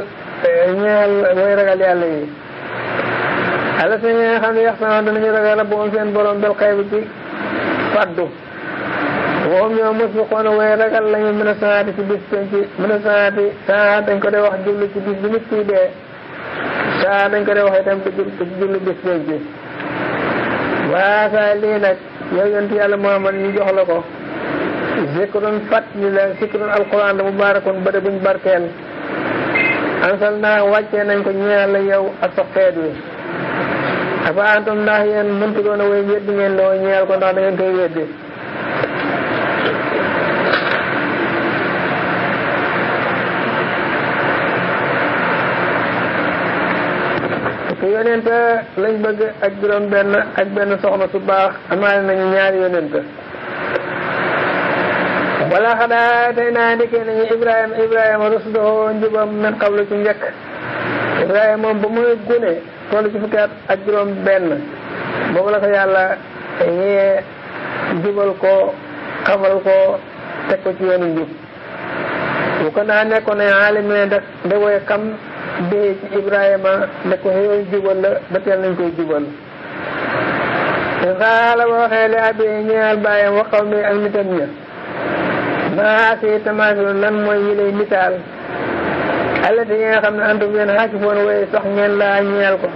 ñeel way ragal yàlla yi xale si ñi nga xam ne yax sana danañu ragal rabbuhum seen borom bel xayb ci fàddu waxum ñoom mos bi way ragal lañu mën a sanaati ci bis penc mën a sanaati dañ ko dee wax jublu ci bis dañ ko dee wax itam ci waa saa lii nag yow yonent yàlla Muhammad ñu jox la ko zikrun fat ñu la zikrun alquran la mubaarakun ba de buñ barkeel ansal naa wàccee nañ ko ñeel la yow ak sa xeet wi afa antum ndax yéen mëntu doon a way weddi ngeen doo ñeel ko ndax da koy weddi su yonente lañ bëgg ak juróom benn ak benn soxna su baax amaale nañu ñaari yonente wala xadaa tey naa ndikkee nañu ibrahima ibrahima rusudoo njubam min qablu ci njëkk ibrahima moom ba muy gune toll ci fukki ak juróom benn boobu la ko yàlla yee jubal ko xamal ko teg ko ci yoonu njub bu ko naa nekkoon ay aalime da da woy xam dee ci Ibrahima ne ko xëyoon jubal la ba teel nañ koy jubal xaala ba waxee li abi ñeel bàyyam waxaw mi ak nitam ña maa mooy yi lay misaal allati yi nga xam ne antum yéen xaakifoon waaye sax ngeen laa ñeel ko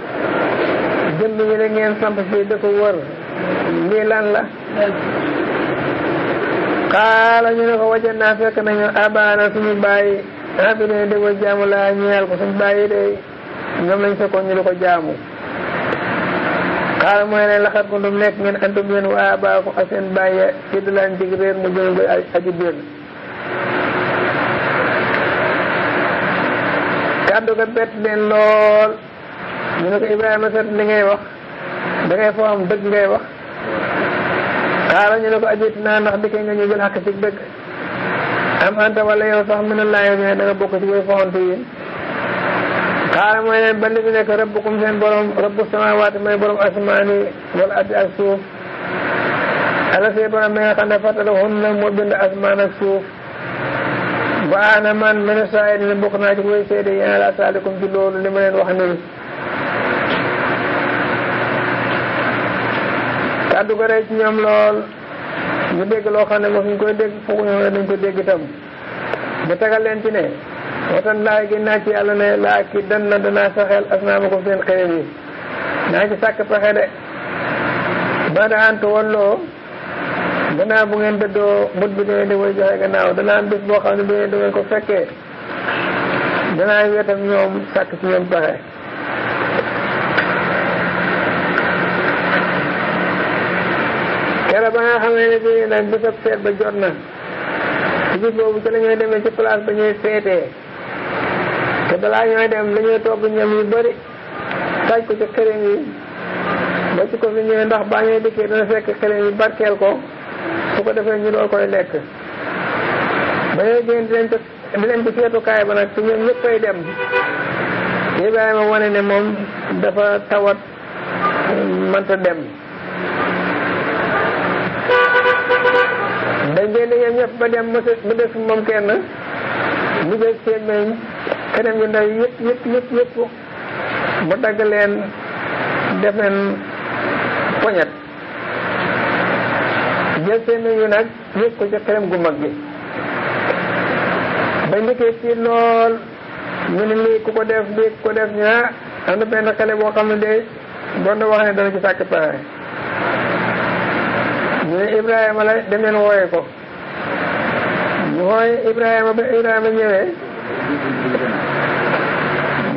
jënd yi ngeen samp fii dafa wër lii lan la xaala ñu ne ko wajan naa fekk nañu abaana suñu bàyyi xafidine di ko jaamu ko suñu bàyyi de ñoom lañ fekkoon ñu di ko jaamu xaala mooy leen laxat ko ndum nekk ngeen antum yéen waa baa ko ak seen bàyyi ci di laan jig réer mu jëm ba aju génn kàddu ga bett leen lool ñu ne ko Ibrahima set li ngay wax da ngay foo am dëgg ngay wax xaaral ñu ne ko ajeti naa ndax di koy ñu jël xàq ci dëgg am anta wala yow sax mën na laayo ne nekk rabbukum seen borom rabbu samawaati mooy borom asamaan yi addi ak suuf ala see borom bi nga xam ne fàttali moo bind asamaan ak suuf wa ana man man a saa ne bokk naa ci koy seede yéen ala saalikum ci loolu li ma leen wax nii kàddu ko rey ci ñoom lool ñu dégg loo xam ne moom ñu koy dégg foog ñoom dañ ko dégg itam ba tegal leen ci ne watan laa gi naa ci yàlla ne laa ki dan na danaa saxeel asnaama ko seen xërëm yi naa ci sàkk pexe de ba daan te walloo gannaaw bu ngeen dëddoo mbët bi dangeen di koy joxe gannaaw danaa am bés boo xam ne bu ngeen dangeen ko fekkee danaa wet ak ñoom sàkk ci ñoom pexe kere ba nga xamee ne bii nag bésab seet ba jot na ci bis boobu ci la demee ci place ba ñuy seetee te balaa ñooy dem dañuy togg ñam yu bëri taj ko ci xërëm yi ba ci ko fi ñëwee ndax baa ñuy dikkee dana fekk xërëm yi barkeel ko su ko defee ñu door koy lekk ba léegi dinañ ko dinañ seetukaay ba nag su ñoom ñëpp koy dem Ibrahima wane ne moom dafa tawat manta dem dañ génn ñoom ñëpp ba dem ba des moom kenn ñu des seen meñ yu ndaw yëpp yëpp yëpp mu dagg leen def leen poñet jëfe nañu nag yëg ko ci xerem gu mag bi ba njëkkee ci lool ñu ne lii ku ko def lii ku ko def ñaa am na benn xale boo xam ne de doon na wax ne dana ci sàkk pexe ñu ne Ibrahima la dem leen wooyee ko ñu wooye Ibrahima ba Ibrahima ñëwee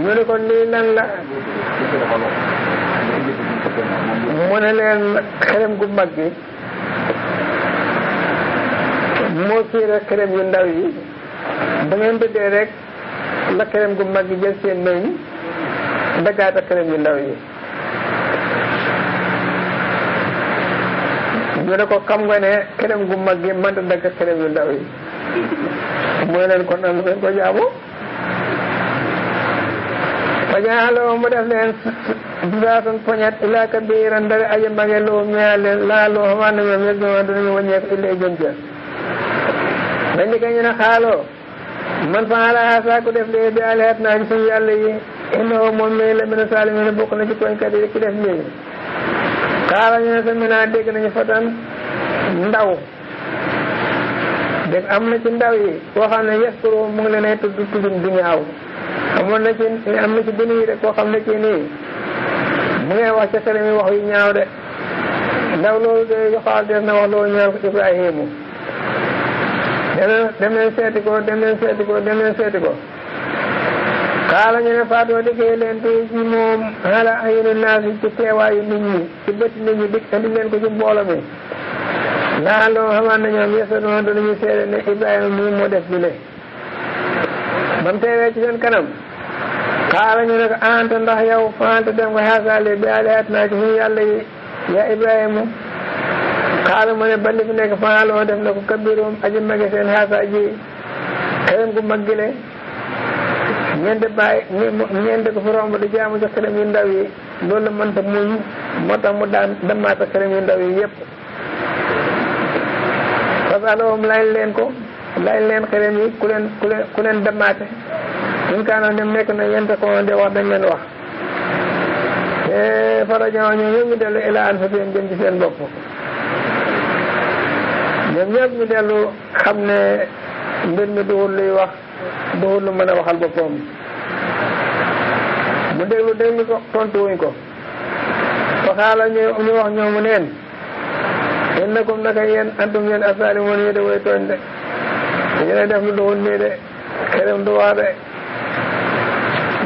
ñu ne ko lii lan la mu ne leen xerem gu mag bi moo kii rek crème yu ndaw yi ba ngeen bëggee rek la crème gu mag yi jël seen meññ daggaata crème yu ndaw yi. ñu ne ko kam nga ne crème gu mag yi mënta dagg crème yu ndaw yi mooy leen kon am lu ngeen ko jaamu. pañaa loo mu def leen duraatun poñet ilaa kabiiran dara aji mage loo ñaa leen laa loo xamaa ne moom yëg na ma dana ñu wàññeeku dañ di ñu ne xaaloo man fa ala saaku def lee bi alihat naa ci yi innahu bokk na ci tooñkat yi ku def lii xaala ñu ne sa minaa dégg nañu fatan ndaw dégg am na ci ndaw yi koo xam ne yaskuru mu ngi leen ay tudd tuddin bu ñaaw amoon na ci am na ci bini yi de koo xam ne ci nii mu ngay wax ca sele mi wax yu ñaaw de ndaw loolu de yoxaal def na wax loolu ñaaw ko Ibrahimu dana dem leen seeti ko dem leen seeti ko dem leen seeti ko xaala ñu ne faatoo liggéey leen bi ci moom ala ayinu naas yi ci teewaayu nit ñi ci bëtt nit ñi dik leen ko ci mbooloo mi ndaa loo xamaan na ñoom yesa doon danañu seede ne Ibrahima mii moo def bi le ba mu teewee ci seen kanam xaala ñu ne ko anta ndax yow fanta dem ko xaasaale bi alihat naa ci suñu yàlla yaa Ibrahima xaala mu ne balli fi nekk fanaa loo def na ko kabirum aji mage seen xaasa ji xërëm gu mag gi le ñeente bàyyi ñeente ko fi romb di jaamu ci xërëm yu ndaw yi loolu la mënta muñ moo tax mu daan demaat ak xërëm yu ndaw yi yëpp fasalowam laaj leen ko laaj leen xërëm yi ku leen ku leen ku leen demaate suñ kaanoon dem nekk na yente ko de wax dañ leen wax farajo ñoo ñoom ñu dellu ila an fa seen jëm ci seen bopp ñoom ñëpp ñu dellu xam ne mbir mi duwul luy wax duwul lu mën a waxal boppam mu déglu déglu ko tontu wuñ ko waxaala ñu mu wax ñoomu neen innakum naka yéen antum yéen asaalimuun yi de way tooñ de yéen def lu duwul nii de këram du wax de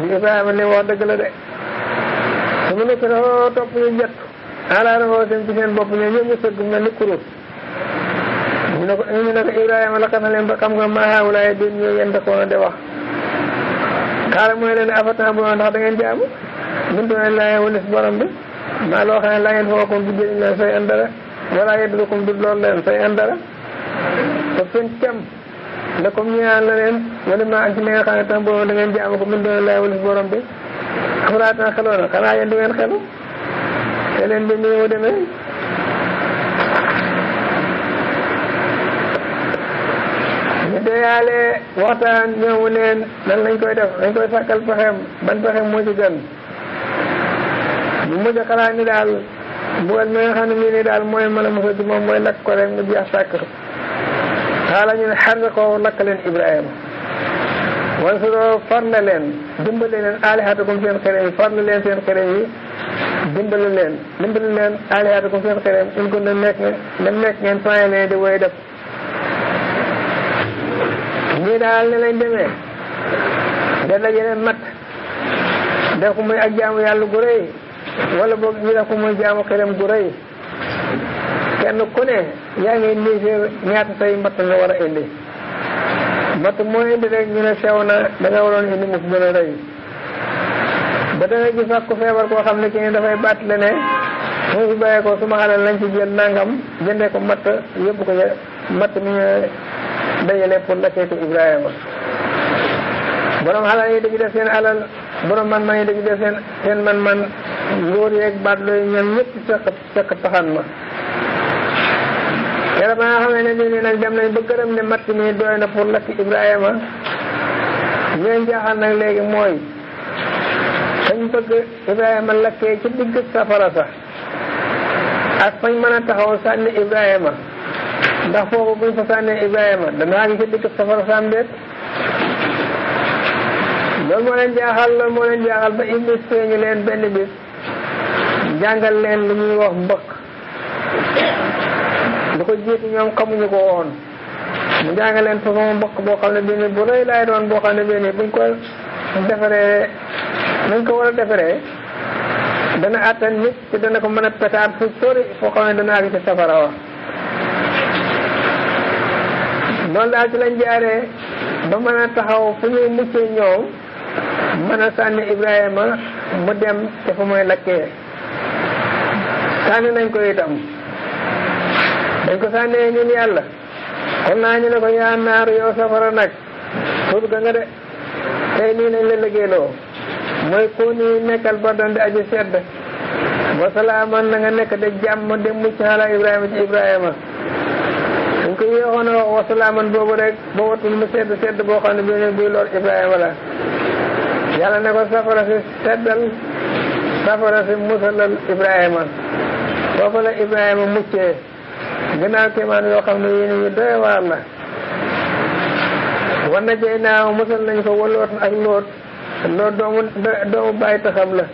bi Ibrahima li wax dëgg la de su mu nekk topp ñu jot alaana woo seen ci seen bopp ñoom ñëpp ñu sëgg mel ni kurus ñu ne ko ñu ne ko Ibrahima lakkat na leen ba xam nga maa haawulaay bi ñu yéen da koona de wax xaaral mu ne leen afataa bu ndax da ngeen jaamu min doon laa borom bi maa loo xam ne laa ngeen fookum ak ci li nga xam ne tam boobu xeloona xanaa yéen du xelu te leen bi nii mu demee deyaale waxtaan ñëw leen nan lañ koy def dañ koy sàkkal pexeem ban pexeem moo ci gën bu mujj a xalaat ni daal mbugal mi nga xam ne mii nii daal mooy mën a mosa moom mooy lakk ko rek mu jeex sàkk xaala ñu ne xar nga ko lakk leen Ibrahima wan suroo farle leen dimbale leen alihatakum seen xerem yi farle leen seen xerem yi dimbale leen la leen alihatakum seen xerem in ko na nekk ngeen dem nekk ngeen soye leen di woy def nii daal ne lañ demee da dajale mat def ko muy ak jaamu yàlla gu rëy wala boog ñu def ko muy jaamu xelam gu rëy kenn ku ne yaa ngi indi ñaata tey mat nga war a indi moo indi rek sew na da waroon indi mu ko gën rëy ba da gis ak ku feebar koo xam ne ki ne dafay bàttale ne mu fi bàyyee ko suma alal lañ ci jël nangam jëndee ko matt yóbbu ko ca matt mi dajale pour lakeetu Ibrahima borom alal yi dañu def seen alal borom man-man yi dañu def seen seen man-man nguur yeeg baat looy ñoom ñëpp seq seq paxan ma yàlla ba nga xamee ne nii nii dem nañ ba gërëm ne matt mi doy na pour lakk Ibrahima ñooy jaaxal nag léegi mooy fañ bëgg Ibrahima lakkee ci digg safara sax ak fañ mën a taxaw sànni Ibrahima ndax foofu buñ fa sànnee Ibrahima danaa ngi ci dëkk safara sàmm déet loolu moo leen jaaxal loolu moo leen jaaxal ba Iblis feeñu leen benn bis jàngal leen lu ñuy wax mbëkk lu ko jiitu ñoom xamuñu ko woon mu jàngal leen façon mbëkk boo xam ne bii nii bu rëy laay doon boo xam ne bii nii buñ ko defaree nañ ko war a defaree dana àttan nit te dana ko mën a petaat fu sori foo xam ne dana àgg safara wa noonu daal ci lañ jaaree ba mën a taxaw fu muy muccee ñoom mën a sànni Ibrahima mu dem te fu muy lakkee sànni nañ ko itam dañ ko sànnee ñun yàlla kon naa ñu ne ko yaa naaru yow safara nag tur ga nga de tey nii nañ la liggéeyloo mooy ku ni nekkal ba doon di aju sedd wasalaaman na nga nekk de jàmm de mucc ala Ibrahima ci Ibrahima ko yéexoon a wasalaaman boobu rek ba watul mu sedd sedd boo xam ne bi ne buy lor Ibrahima la yàlla ne ko safara si seddal safara si musalal Ibrahima foofu la Ibrahima muccee gannaaw kéemaan yoo xam ne yéen ñu doy waar la war na jey musal nañ ko waloot ak loot doomu doomu bàyyi taxam la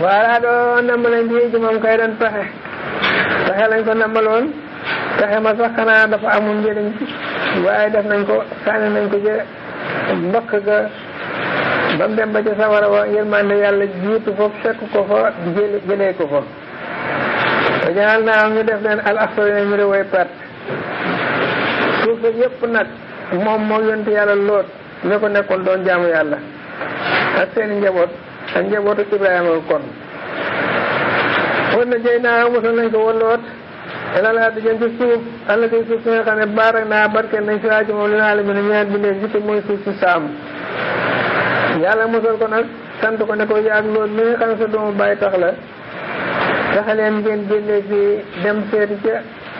voilà doo namm nañ fii ci moom kay doon pexe pexe lañ ko nammaloon pexe ma sax xanaa dafa amul njëriñ waaye def nañ ko sànni nañ ko mbokk ga ba mu dem ba ca sawara wa yërmande yàlla jiitu foofu fekk ko fa jële jëlee ko fa te ñaar naa am ñu def leen al axsari na ñu de way suuf sa yëpp nag moom moo yontu yàlla loot ñu ko nekkoon doon jaamu yàlla ak seeni njaboot ak njabootu Ibrahima kon wala jëy naa mosoon nañ ko walloot elal a di jëm ci suuf àll ci suuf si nga xam ne baarak naa barke nañ si waaju moom li naa la bi ne gis mooy suuf si saam yàlla mosal ko nag sant ko ne ko yaag loolu mi xam ne sa doomu bàyyi tax la taxaleen ngeen génne ci dem seeti ca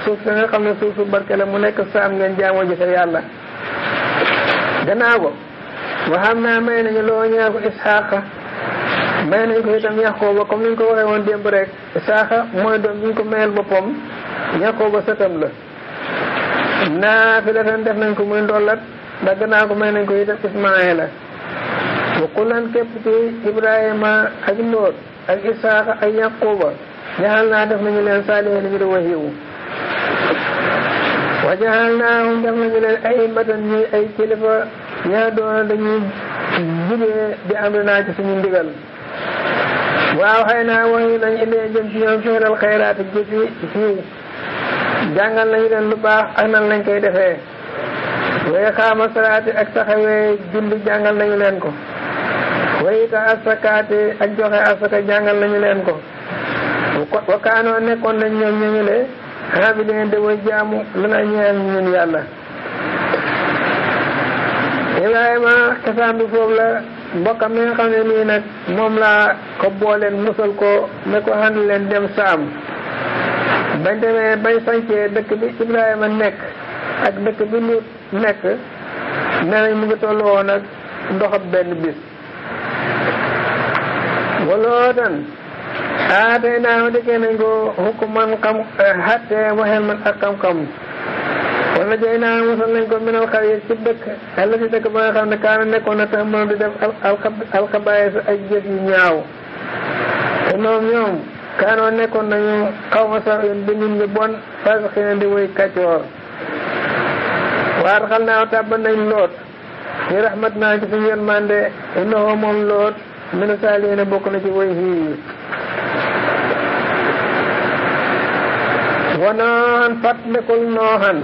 suuf si nga xam ne suuf su barke la mu nekk saam ngeen jaamoo ji sa yàlla gannaaw ko waxam naa may nañu loo ñaar ko Isxaaqa may nañ ko itam Yaxooba comme ni ñu ko waxee woon démb rek Isaaxa mooy doom bi ñu ko mayal boppam Yaxooba sëtam la naafilatan def nañ ko muy ndollat dagg naa ko may nañ ko itam Ismaayila wa kullan képp ci Ibrahima ak Lóot ak Isaaxa ak Yaxooba jaxal naa def nañu leen saalihiin ñu di wahiwu wa jaxal naa hum def nañu leen ay matan ñuy ay kilifa ñaa doona dañuy jubee bi am naa ci suñu ndigal waaw xëy naa wooyu nañ ilee jëm ci ñoom fiilal xayraat ak jëf yi jàngal nañu leen lu baax ak na lañ koy defee way xaama salaati ak taxawee jàngal nañu leen ko way ita ak joxe asaka jàngal nañu leen ko wa kaanoo nekkoon nañ ñoom ñooñule xanaa bi dina de way jaamu lu na ñaan ñun yàlla Ibrahima kasaan bi foofu la mbokkam mi nga nii nag moom laa ko booleen musal ko ne ko ànd leen dem saam bañ demee bañ sancee dëkk bi Ibrahima nekk ak dëkk bi ñu nekk nee nañ mu ngi tollu woon ak ndoxam benn bis waloo tan naa ma dikkee nañ ko hukman xam xattee mu xel ak xam-xam wala jay naa mosal nañ ko minal xaw yi ci dëkk ba nga xam ne kaana nekkoon na tax mënul di def alxabaayis ay jëf yu ñaaw te ñoom kaanoo nekkoon nañu xaw ma sax yéen bi nit ñi bon fasixi na di woy kàccoor waar xal naa tàbbal nañ loot ñu raxmat naa ci suñu yërmande innahu moom loot minu saaliina bokk na ci woy xiir yi wanaan fàttalikul nooxan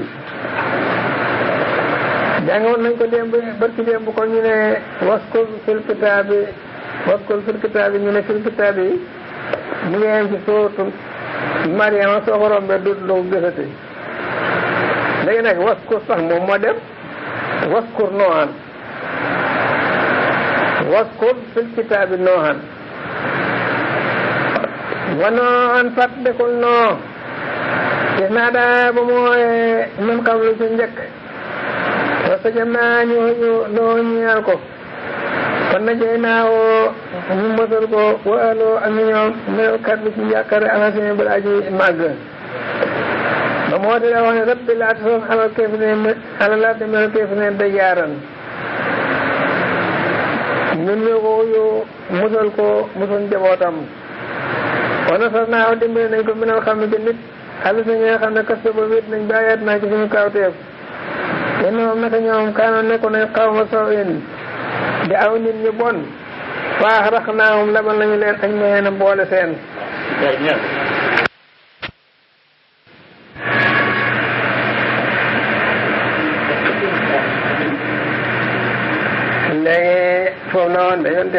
jàngoon nañ ko léem barki léem bu ko ñu ne waskul fil kitaabi waskul fil kitaabi ñu ne fil kitaabi yi mu ngi yem ci sootu Mariama soo ko rombee du loo gisati léegi nag waskur sax moom moo dem waskur noohan waskur fil kitaabi noohan wa noohan fàttalikul noo def naa daa ba mu wooyee min qablu ci njëkk wasajam naa ñu ñu doo ñeel ko kon na jey naa woo ñu mosal ko wa aloo ak ñu ñoom mel kat bi ci la wax ne rabbi laa tasoon ne alal laa demel kéef ne ñu ko ko mosal njabootam kon na sor naa dimbali nañ ko minal xam ne nit xale na nga xam ne kasta ba wét nañ bàyyaat naa ci suñu kawteef te moom naka ñoom kaanoon nekkoon nañ xaw ma in di aw ñu bon faax rax naa moom labal nañu leen añ ma yéen a boole seen léegi foofu la woon de yonte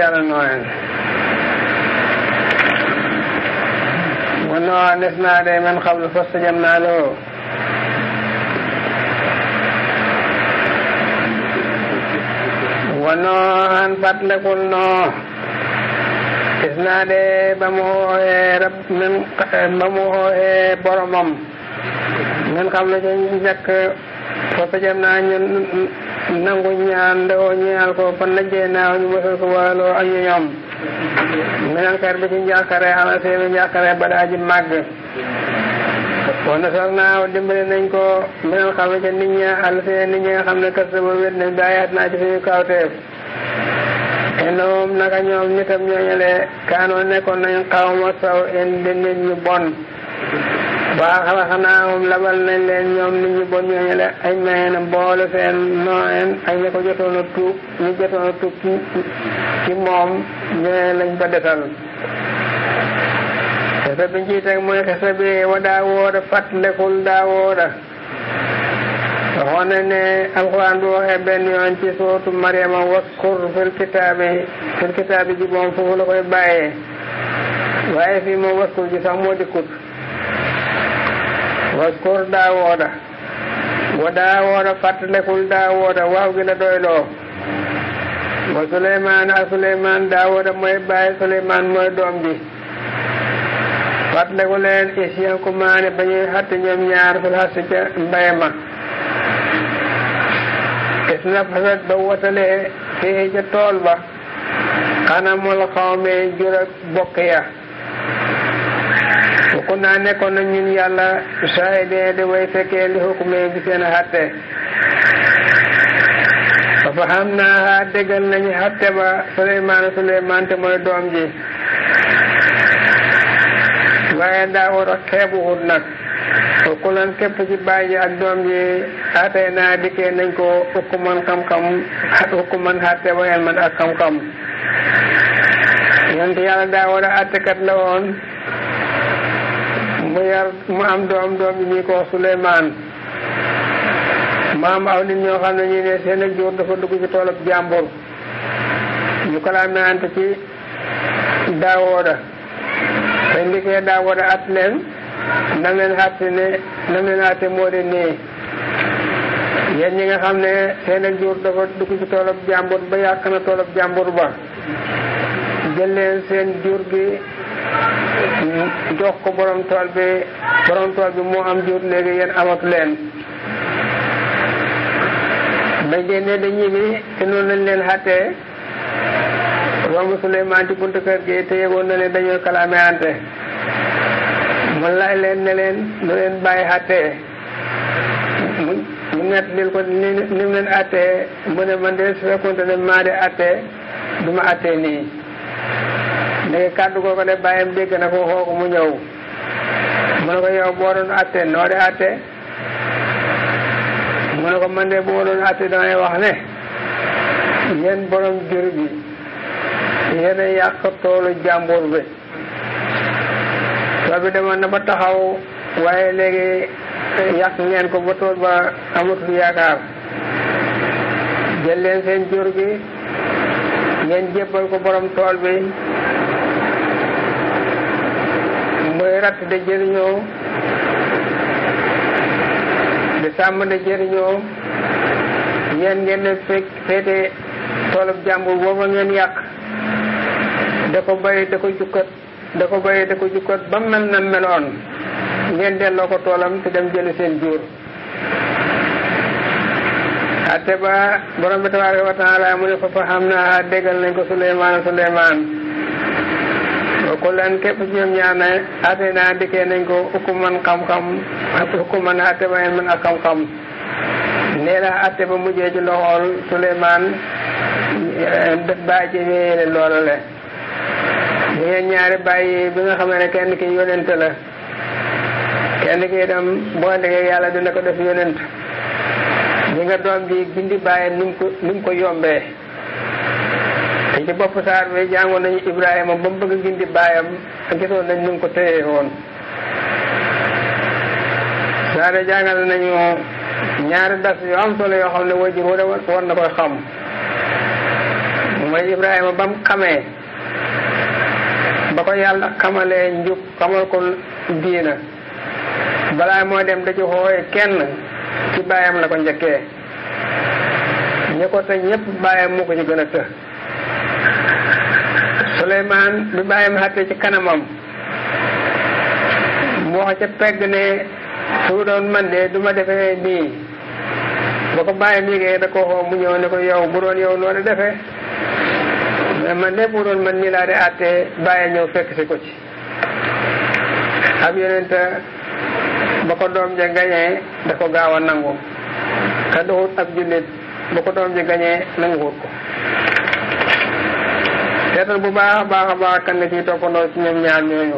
wax na waa def naa de man xablu fastajabnaa lahu ونوحا فاتلقوا النوح gis naa de ba mu wooyee rab min ba mu wooyee boromam min xam la ca njëkk fasajam naa ñu nangu ñaan ndawoo ñaal ko fa najjee naaw ñu mosal ko waaloo ak ñu ñoom meneen kar bi ci njàqare xana seeni njàqare badaa ji màgg wa nasar naaw dimbale nañ ko meneen xam ne xam ne kas ba wét nañ daayaat naa ci suñu kawteef enoom naka ñoom nitam ñooñale kaanoo nekkoon nañ xaw ma saw en de nit ñu bon waa xam xam naa moom labal nañ leen ñoom nit ñu bon ñooñu la ay maye na boole seen nooyeen ak ñi ko jotoon a tuub ñu jotoon tuub ci ci moom ñooñu lañ ko desal xesa biñ ciy teg mooy xesa bi wa daa wooda fàttalekul daa wooda waxoon ne alxuraan bu waxee benn yoon ci sootu mariama waskur fil kitaabi fil kitaabi ji foofu la koy bàyyee waaye fii moom waskur ji sax moo dikkut waskur daawooda wa daawooda fàttalekul daawooda waaw gi la doyloo wa suleymaan ak suleymaan daawooda mooy bàyyi suleymaan mooy doom ji fàttaleku leen is yankumaane ba ñuy xatt ñoom ñaar fil xasti ca mbay ma is na fasat ba wotalee fii ca tool ba xanamul xawme jur ak bokk ya kon naa nekkoon na ñun yàlla saahidee di way fekkee li xukumee bi seen xatte fa xam naa ha déggal nañu xatte ba Suleymaan Suleymaan te mooy doom ji waaye daa war a xeebu wut nag kulan képp ci bàyyi ak doom ji atay naa dikkee nañ ko hukkuman xam-xam hukkuman xatte man ak xam-xam yonent yàlla daa war a attekat la woon mu yar mu am doom doom bi ñuy ko wax Suleymaan maam aw nit ñoo xam ne ñu ne seen ak jur dafa dugg ci toolab jàmbur ñu kalaamante ci daawooda te ndikee at leen na ngeen àtte ne na ngeen àtte nga xam ne seen ak jur ci toolab jàmbur ba yàq na toolab jàmbur ba jël leen seen jur gi jox ko borom tool bi borom tool bi moo am jur léegi yéen amatu leen dañ dee ne dañuy bi te noonu lañ leen xàttee romb Suleymaan ci buntu kër gi te yëgoon na leen dañoo kalaame ante mu laaj leen ne leen lu leen bàyyi xàttee mu mu nett lil ko ni ni mu leen àttee mu ne man de su fekkoonte ne maa de àttee du ma àttee nii léegi kàddu ko de bàyyam dégg na ko xooku mu ñëw mu ne ko yow boo doon atte noo de atte mu ne ko man de bu ma doon atte damay wax ne yéen borom jur gi yéen a yàq toolu jàmbur bi tool bi demoon na ba taxaw waaye léegi yàq ngeen ko ba tool ba amatul yaakaar jël leen seen jur gi ngeen jébbal ko borom tool bi koy ratt da jëriñoo di sàmm da jëriñoo yéen ngeen ne fekk féete toolub jàmbur booba ngeen yàq da ko béye da ko jukkat da ko béye da ko jukkat ba mel na meloon ngeen delloo ko toolam te dem jëli seen jur ate ba borom bi tabaaraka wa taala mu ne fa fahamnaahaa déggal nañ ko Suleymaan Suleymaan kullan képp ci ñoom ñaar ne ate naa dikkee nañ ko hukuman xam-xam ak hukuman ate mayen man ak xam-xam nee na ba mujjee ci loxool Suleymaan def bàyyi ci wéyale loola le ñeen ñaari bàyyi bi nga xam ne kenn ki yonent la kenn ki itam boo ndegee yàlla dina ko def yonent ñi nga doom bi gindi bàyyam ni mu ko ni mu ko yombee ci bopp saar bi jàngoon nañu Ibrahima ba mu bëgg gin di baayam ak gisoon nañ nu ko téye woon saar bi jàngal nañu ñaari das yu am solo yoo xam ne wajur wu ne war na koy xam mooy Ibrahima ba mu xamee ba ko yàlla xamalee njub xamal ko diina balaa moo dem da ci kenn ci baayam la ko njëkkee ñi ko tëj ñëpp baayam moo ko ci gën a të Suleymaan bi bàyyam xatte ci kanamam mu wax ca pegg ne su doon man de du ma defee nii ba ko bàyyam yégee da ko xoo mu ñëw ne ko yow bu doon yow noonu defee mais man de bu doon man nii laa di àtte bàyyi ñëw fekk si ko ci ab yonenta ba ko doom ja gañee da ko gaaw a nangu te doxut ab jullit ba ko doom ja gañee nanguwut ko seetal bu baax a baax a baax kan nga ciy toppandoo ci ñoom ñaar ñooñu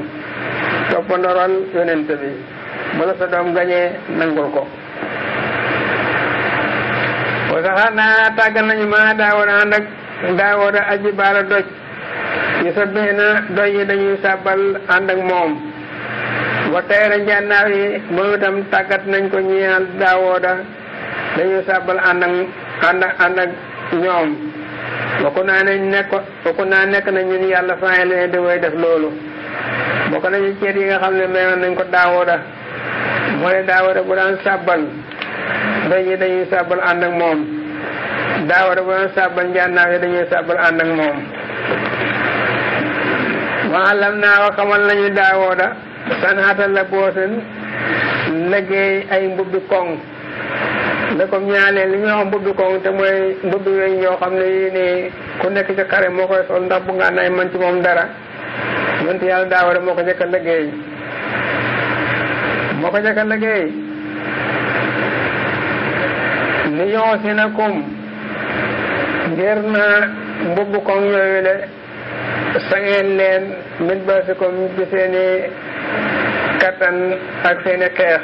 toppandooral yonent bi bu la doom gañee nangul ko wasaxaar naa tàggal nañu ma daawoon ànd ak daawoon a aji baala doj ñu sa doy na doj yi dañuy sàbbal ànd ak moom wa tayra njànnaaw yi moom itam tàggat nañ ko ñi daawooda dañuy sàbbal ànd ak ànd ak ñoom bokk naa ne nekk bokk naa nekk na ñun yàlla faa ne di mooy def loolu bokk nañu ceet yi nga xam ne mayoon nañ ko daawooda moo ne daawooda bu daan sàbbal mbéy ñi dañuy sàbbal ànd ak moom daawooda bu daan sàbbal njànnaaw yi dañuy sàbbal ànd ak moom waalam naa wa xamal nañu daawooda sanaatal la boosin liggéey ay mbubbi koŋ da ko ñaanee li ñoo xam bëgg te mooy bëgg yooyu ñoo xam ne yii nii ku nekk ca xare moo koy sol ndax bu nga nay man ci moom dara yonent yàlla daawara moo ko njëkk a liggéey moo ko njëkk a liggéey li yoo si na kum ngir na mbubb koŋ yooyu le sangeen leen mit ba si seeni kattan ak seeni xeex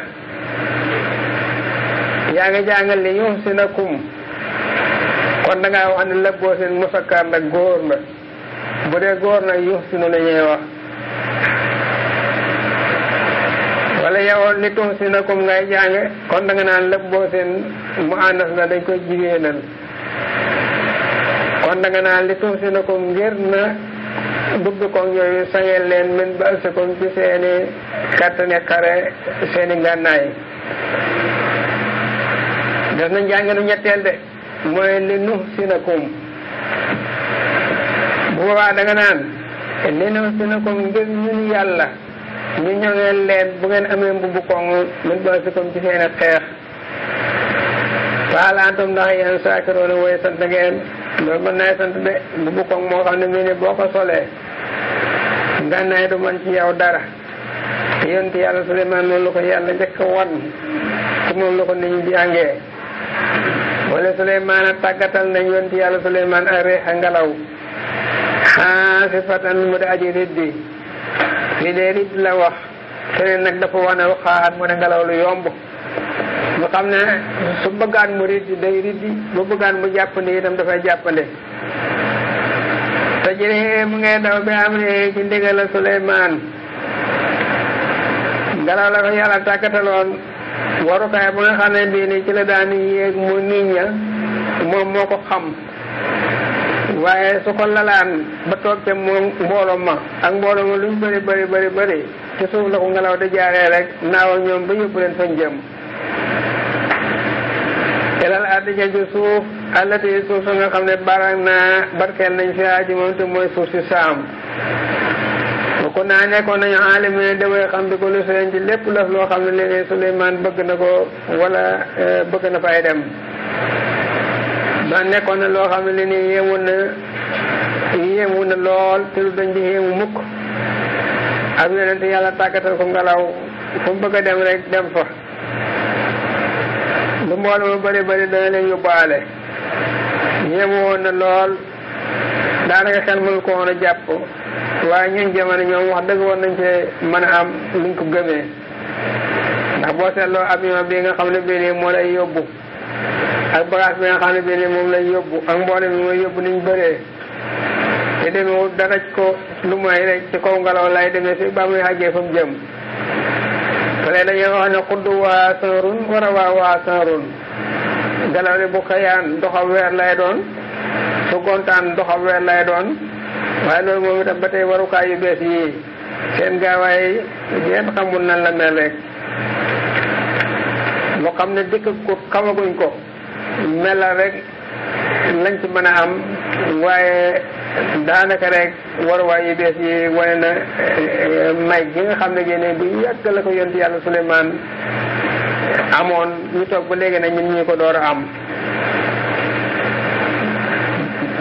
yaa ngi jàngal li yuhsinakum kon da ngaa wax ne lëbboo seen musakkar nag góor la bu dee góor nag yuhsinu la ñuy wax wala yow li tuhsinakum ngay jàng kon da naan lëbboo seen mu anas la dañ koy jigéenal kon da nga naan li ngir na dugg koog yooyu sangeel leen min ba ëllëg ci seeni kàttani xare seeni ngànnaay def na njànganu ñetteel de mooy li nu sinakum bu boobaa da naan li nu sinakum ngir ñun yàlla ñu ñoŋeel leen bu ngeen amee mbubb koŋ min baasikum ci seen xeex waaw antum ndax yéen saakiroon woy sant ngeen loolu mën naay sant de mbubb koŋ moo xam ne mii ne boo ko solee ngànnaay du man ci yow dara te yonent yàlla Suleymaan loolu ko yàlla njëkk wan te moom la ko nit ñi jàngee wala suleymaan a tàggatal nañ yonti yàlla suleymaan a reex a ngelaw xaasifatan mu di aji riddi li dee ridd la wax keneen nag dafa wane waxaaxat mu ne ngelaw lu yomb mu xam ne su bëggaan mu riddi day riddi bu bëggaan mu jàppande itam dafay jàppande te jëree mu ngay daw bi am ne ci ndigal suleymaan ngelaw la ko yàlla tàggataloon warukaay ba nga xamante ni ci la daan yéeg mu nit ña moom moo ko xam waaye su ko lalaan ba toog ca moom mbooloo ma ak mbooloo ma lu mu bëri bëri bëri bëri ci suuf la ko ngelaw di jaaree rek naaw ñoom ba yóbbu leen fañ jëm ilal ardi ca ci suuf allati suuf sa nga xam ne barak naa barkeel nañ fi aji moom te mooy suuf si saam kon naa nekkoon nañu aalim ne damay xam bi ko lu feeñ ci lépp laf loo xam ne léegi Suleymaan bëgg na ko wala eh, bëgg na fay dem ba nekkoon na loo xam ne nii yéemu na yéemu na lool te lu dañ di yéemu mukk ak yonent yàlla tàggatal ko ngelaw fu mu bëgg a dem rek dem fa lu mbooloo mu bari bari dana leen yóbbaale yéemu woon na lool daanaka xel mënu ko woon a jàpp waaye ñun jamono ñoom wax dëgg war nañ cee mën a am luñ ko gëmee ndax boo seetloo avion bi nga xam ne bii nii moo lay yóbbu ak bagage bi nga xam ne bii nii moom lay yóbbu ak mboolem bi mooy yóbbu niñ bëree te demewul daraj ko lu may rek ci kaw ngelaw lay deme si ba muy àggee fa mu jëm te waa a waa waa sanrun ngelaw li bu xëyaan doxam weer lay doon ku kontaan doxam weer lay doon waaye loolu moom itam ba tey warukaay yu bees yii seen gaawaay ngeen xamul nan la mel rek loo xam ne dëkk ko xamaguñ ko melal rek lañ ci mën a am waaye daanaka rek waruwaay yu bees yi wane na eh, may gi nga xam ne génne bu yàgg la ko yonti yàlla Suleymaan amoon ñu toog ba léegi ne ñun ñi ko door a am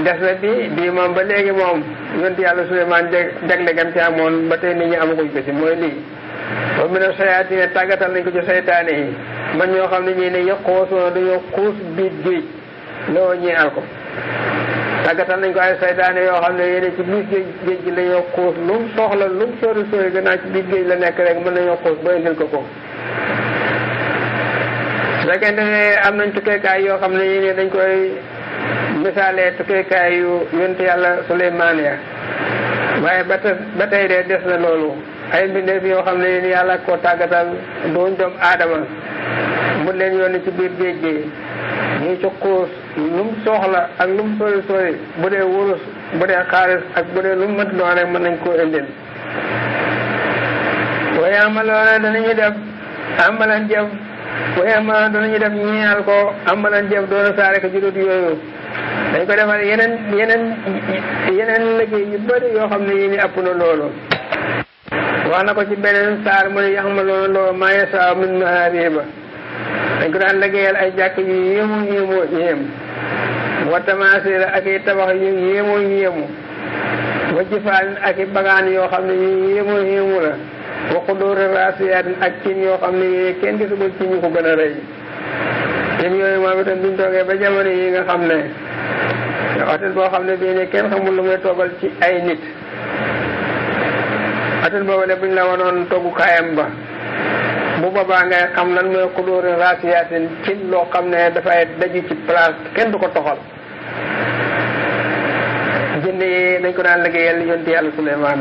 des na bii bii moom ba léegi moom yonent yàlla Suleymaan jag jagle gam ci amoon ba tey nit ñi amaguñ ko ci mooy lii wa mina sayaatiin tàggatal nañ ko ci saytaane yi man ñoo xam ne ñii ne yaqoosuuna dañoo xuus biir géej loo ñi al ko tàggatal nañ ko ay saytaane yoo xam ne yéen ci biir géej géej gi dañoo xuus lu mu soxla lu mu sori sori gannaaw ci biir géej la nekk rek mën nañoo xuus ba indil ko ko su ne am nañ tukkeekaay yoo xam ne yéen dañ koy misaalee tukkeekaay yu yonent yàlla Suleymaan ya waaye ba tey ba tey de des na loolu ay mbindeef yoo xam ne yéen yàlla koo tàggatal duñ doom aadama mu leen yónni ci biir béej gi ñuy ci xuus lu mu soxla ak lu mu sori sori bu dee wurus bu dee xaalis ak bu dee lu mu mënti doon mën nañ koo indil waaye amaloona danañu def amalan jëf bu imaana danañu def ñeel ko amalan jëf doona saa rek judut yooyu dañ ko defal yeneen yeneen yeneen liggéey yu bëri yoo xam ne yi ni ëpp na loolu wax na ko ci beneen saar mu yax ma loolu loo maa yasa min mahariba dañ ko daan liggéeyal ay jàkk yu yéemu yéemu ak i tabax yu yéemu yéemu wa jifaan ak i bagaan yoo xam ne yu yéemu yéemu la wa xudura raasiyaatin ak cin yoo xam ne yooyu kenn gisagul ci ñu ko gën a rëy cin yooyu moom itam duñ toogee ba jamono yi nga xam ne hôtel boo xam ne bii ne kenn xamul lu muy toogal ci ay nit hôtel boobu ne buñ la wanoon toggukaayam ba bu boobaa ngay xam lan mooy xudura raasiyaatin cin loo xam ne dafay daju ci place kenn du ko toxal jënd yi dañ ko daan liggéeyal yonti yàlla Suleymaan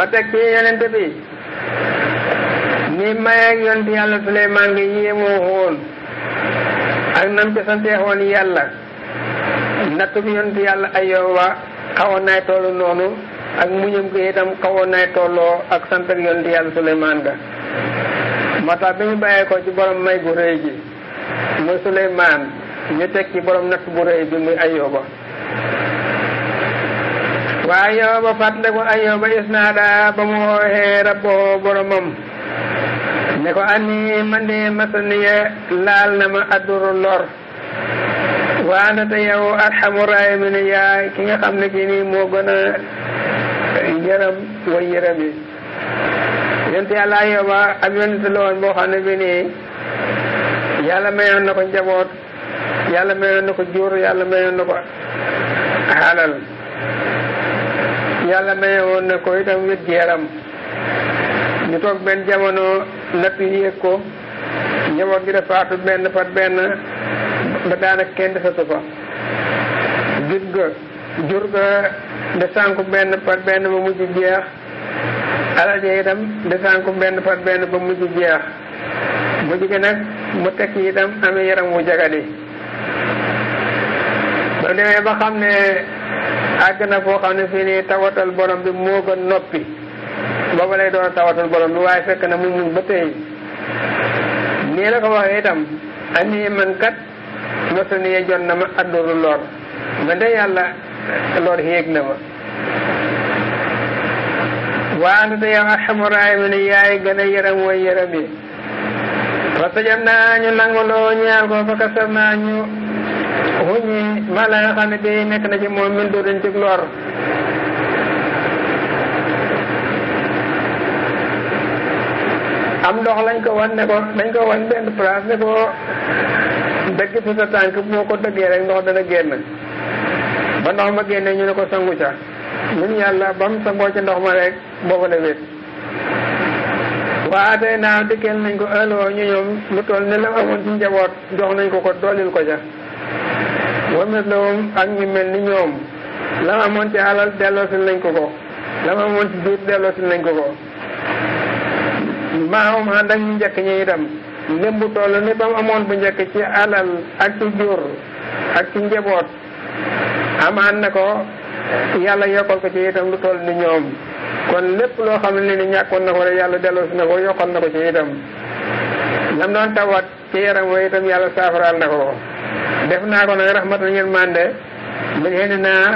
ma teg ci yonent bi ni may ak yonent yàlla Suleymaan ngi yéemoo woon ak nam ci santee yàlla nattu bi yonent yàlla Ayooba xawoon naay tollu noonu ak muñam ko itam xawoon naay tolloo ak sant ak yonent yàlla Suleymaan ga moo tax bi ñu bàyyee ci borom may bu rëy ji muy Suleymaan ñu teg ci borom natt bu rëy bi muy Ayooba wa ayooba fàttalekul ayooba isnaada ba mu waxee rabboo boromam ne ko ani man de masaniye laal na ma adduru lor waana te yow arxamu raahimiin yaay ki nga xam ne kii nii moo gën a yërëm way yërëm yi yonent yàlla ayooba ab yonent la woon xam ne bii nii yàlla mayoon na ko njaboot yàlla mayoon na ko jur yàlla mayoon na ko alal yàlla maye woon na ko itam wér gi yaram ñu toog benn jamono natt yi yéeg ko njaboot gi dafaatu benn par benn ba daanaka kenn desatu fa jur ga jur ga de benn par benn ba mujj jeex alal ja itam de sànku benn par benn ba mujj jeex mujj gi nag mu tekki itam amee yaram wu jagadi soo demee ba xam ne àgg na foo xam ne fii nii tawatal borom bi moo gën noppi booba lay doon tawatal borom bi waaye fekk na mu muñ ba tey nii la ko waxee itam ani man kat masaniye jot na ma adduru lor man de yàlla lor yéeg na ma waa anta yow arhamu raahimiin yaay gën a yërëm way yërëm yi fa sajab naa ñu nangu loo ñaal ko fa kasab naa ñu xuññee ma la nga xam ne bi nekk na ci moom min doo dañ cig lor am ndox lañ ko wan ne ko dañ ko wan benn place ne ko dëgg sa tànk boo ko dëggee rek ndox dana génn ba ndox ma génnee ñu ne ko sangu ca ñun yàlla ba mu sangoo ci ndox ma rek boobu la wét waa tey naa dikkeel nañ ko ëllëgoo ñu ñoom lu toll ne la amoon ci njaboot jox nañ ko ko doolil ko ca wa mislahum ak ñu mel ni ñoom la amoon ci alal delloosil nañ ko ko la amoon ci jur delloosil nañ ko ko maamam ànd ak ñu njëkk ñi itam lémbu toll ni ba amoon bu njëkk ci alal ak ci jur ak ci njaboot amaan na ko yàlla yokkal ko ci itam lu toll ni ñoom kon lépp loo xam ne ni ñàkkoon na ko rek yàlla delloosi na ko yokkal na ko ci itam lam doon tawat ci yaram wa itam yàlla saafaraal na ko def naa ko nag rahmatan yërmande min naa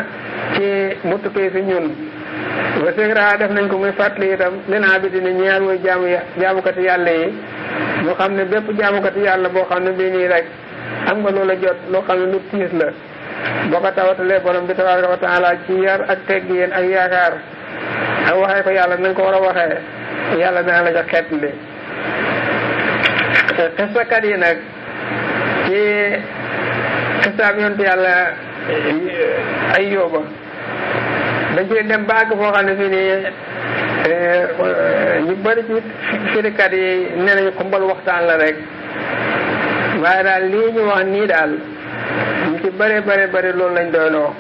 ci mu tukkee fi ñun wa sikraa def nañ ko muy fàttali itam linaa bi dina ñaar woy jaamu jaamukati yàlla yi ñu xam ne bépp jaamukati yàlla boo xam ne bii nii rek am nga loola jot loo xam ne lu tiis la boo ko tawatalee borom bi tabaraka wa taala ci yar ak teggin ak yaakaar ak waxee ko yàlla na ko war a waxee yàlla dana la jox xet li xesakat yi nag ci xisaab yontu yàlla eh, ay yóbba dañ ci dem baag foo xam ne fii nii eh, ñu bëri ci firikat yi nee nañu xumbal waxtaan la rek waaye daal lii ñu wax nii daal ñu ci bëri bëri bëri loolu lañ doonoo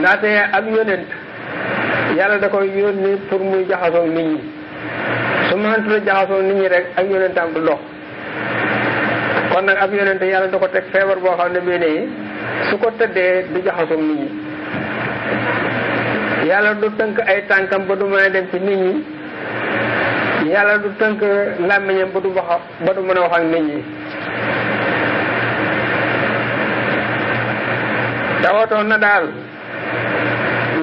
ndaxte ak yonent yàlla da koy yónni pour muy jaxasoo nit ñi su mënatu la jaxasoo nit ñi rek ak yonentam du dox kon nag ab yonente yàlla da ko teg feebar boo xam ne bii nii su ko tëddee du jaxasoog nit ñi yàlla du tënk ay tànkam ba du mën a dem ci nit ñi yàlla du wax ba du mën a wax na daal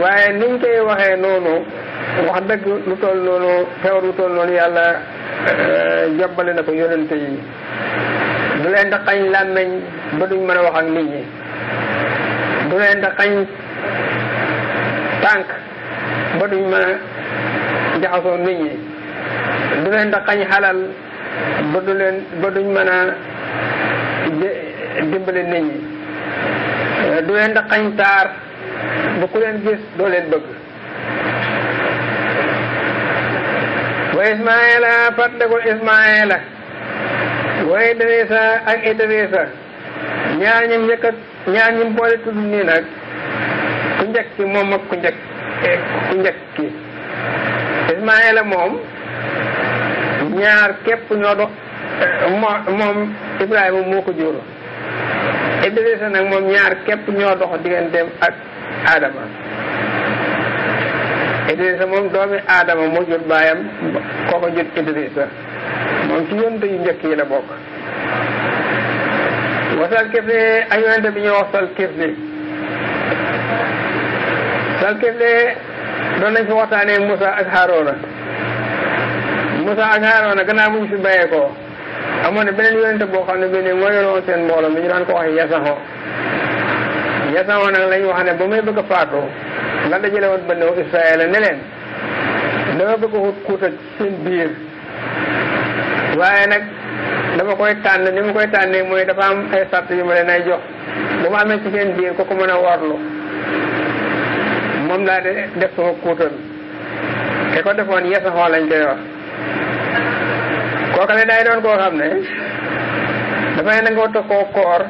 waaye niñ koy waxee noonu wax dëgg lu toll noonu feebar lu toll noonu yàlla eh, jobbale na ko yonente yi du leen di xañ làmmeñ ba duñ mën a wax ak nit ñi du leen di xañ tànk ba duñ mën a jaxasoo nit ñi du leen di xañ xalal ba duñ mën a dimbali nit ñi du leen di xañ taar ba ku leen gis doo leen bëgg wa Ismaayila fàttalikul Ismaayila waaye Idrissa ak Idrissa ñaar ñi njëkk ñaar ñi boole tudd nii nag ku njëkk ki moom ak ku njëkk ku njëkk ki Ismaayila moom ñaar képp ñoo dox moom Ibrahima moo ko jur Idrissa nag moom ñaar képp ñoo dox digganteem ak Adama Idrissa moom doomi Adama moo jur baayam kooku jur Idrissa moom ci yonent yu njëkk yi la bokk wasalkifli ak yonent bi ñuy wax salkifli salkifli doon nañ fi waxtaanee Moussa ak Haroona Moussa ak Haroona gannaaw bu ñu fi bàyyee amoon na beneen yonent boo xam ne bii nii moo yoroon seen mbooloo mi ñu daan ko wax yasaxo yasaxo nag lañ wax ne ba muy bëgg a la dajale woon ba néew Israël ne dama bëgg a xut seen biir waaye nag dama koy tànn ni ma koy tànnee mooy dafa am ay sart yu ma leen ay jox bu ma amee ci seen biir ku ko mën a warlu moom laa de def sama kuutal te ko defoon yeesa xool lañ koy wax kookale day doon koo xam ne dafay nangoo tokkoo koor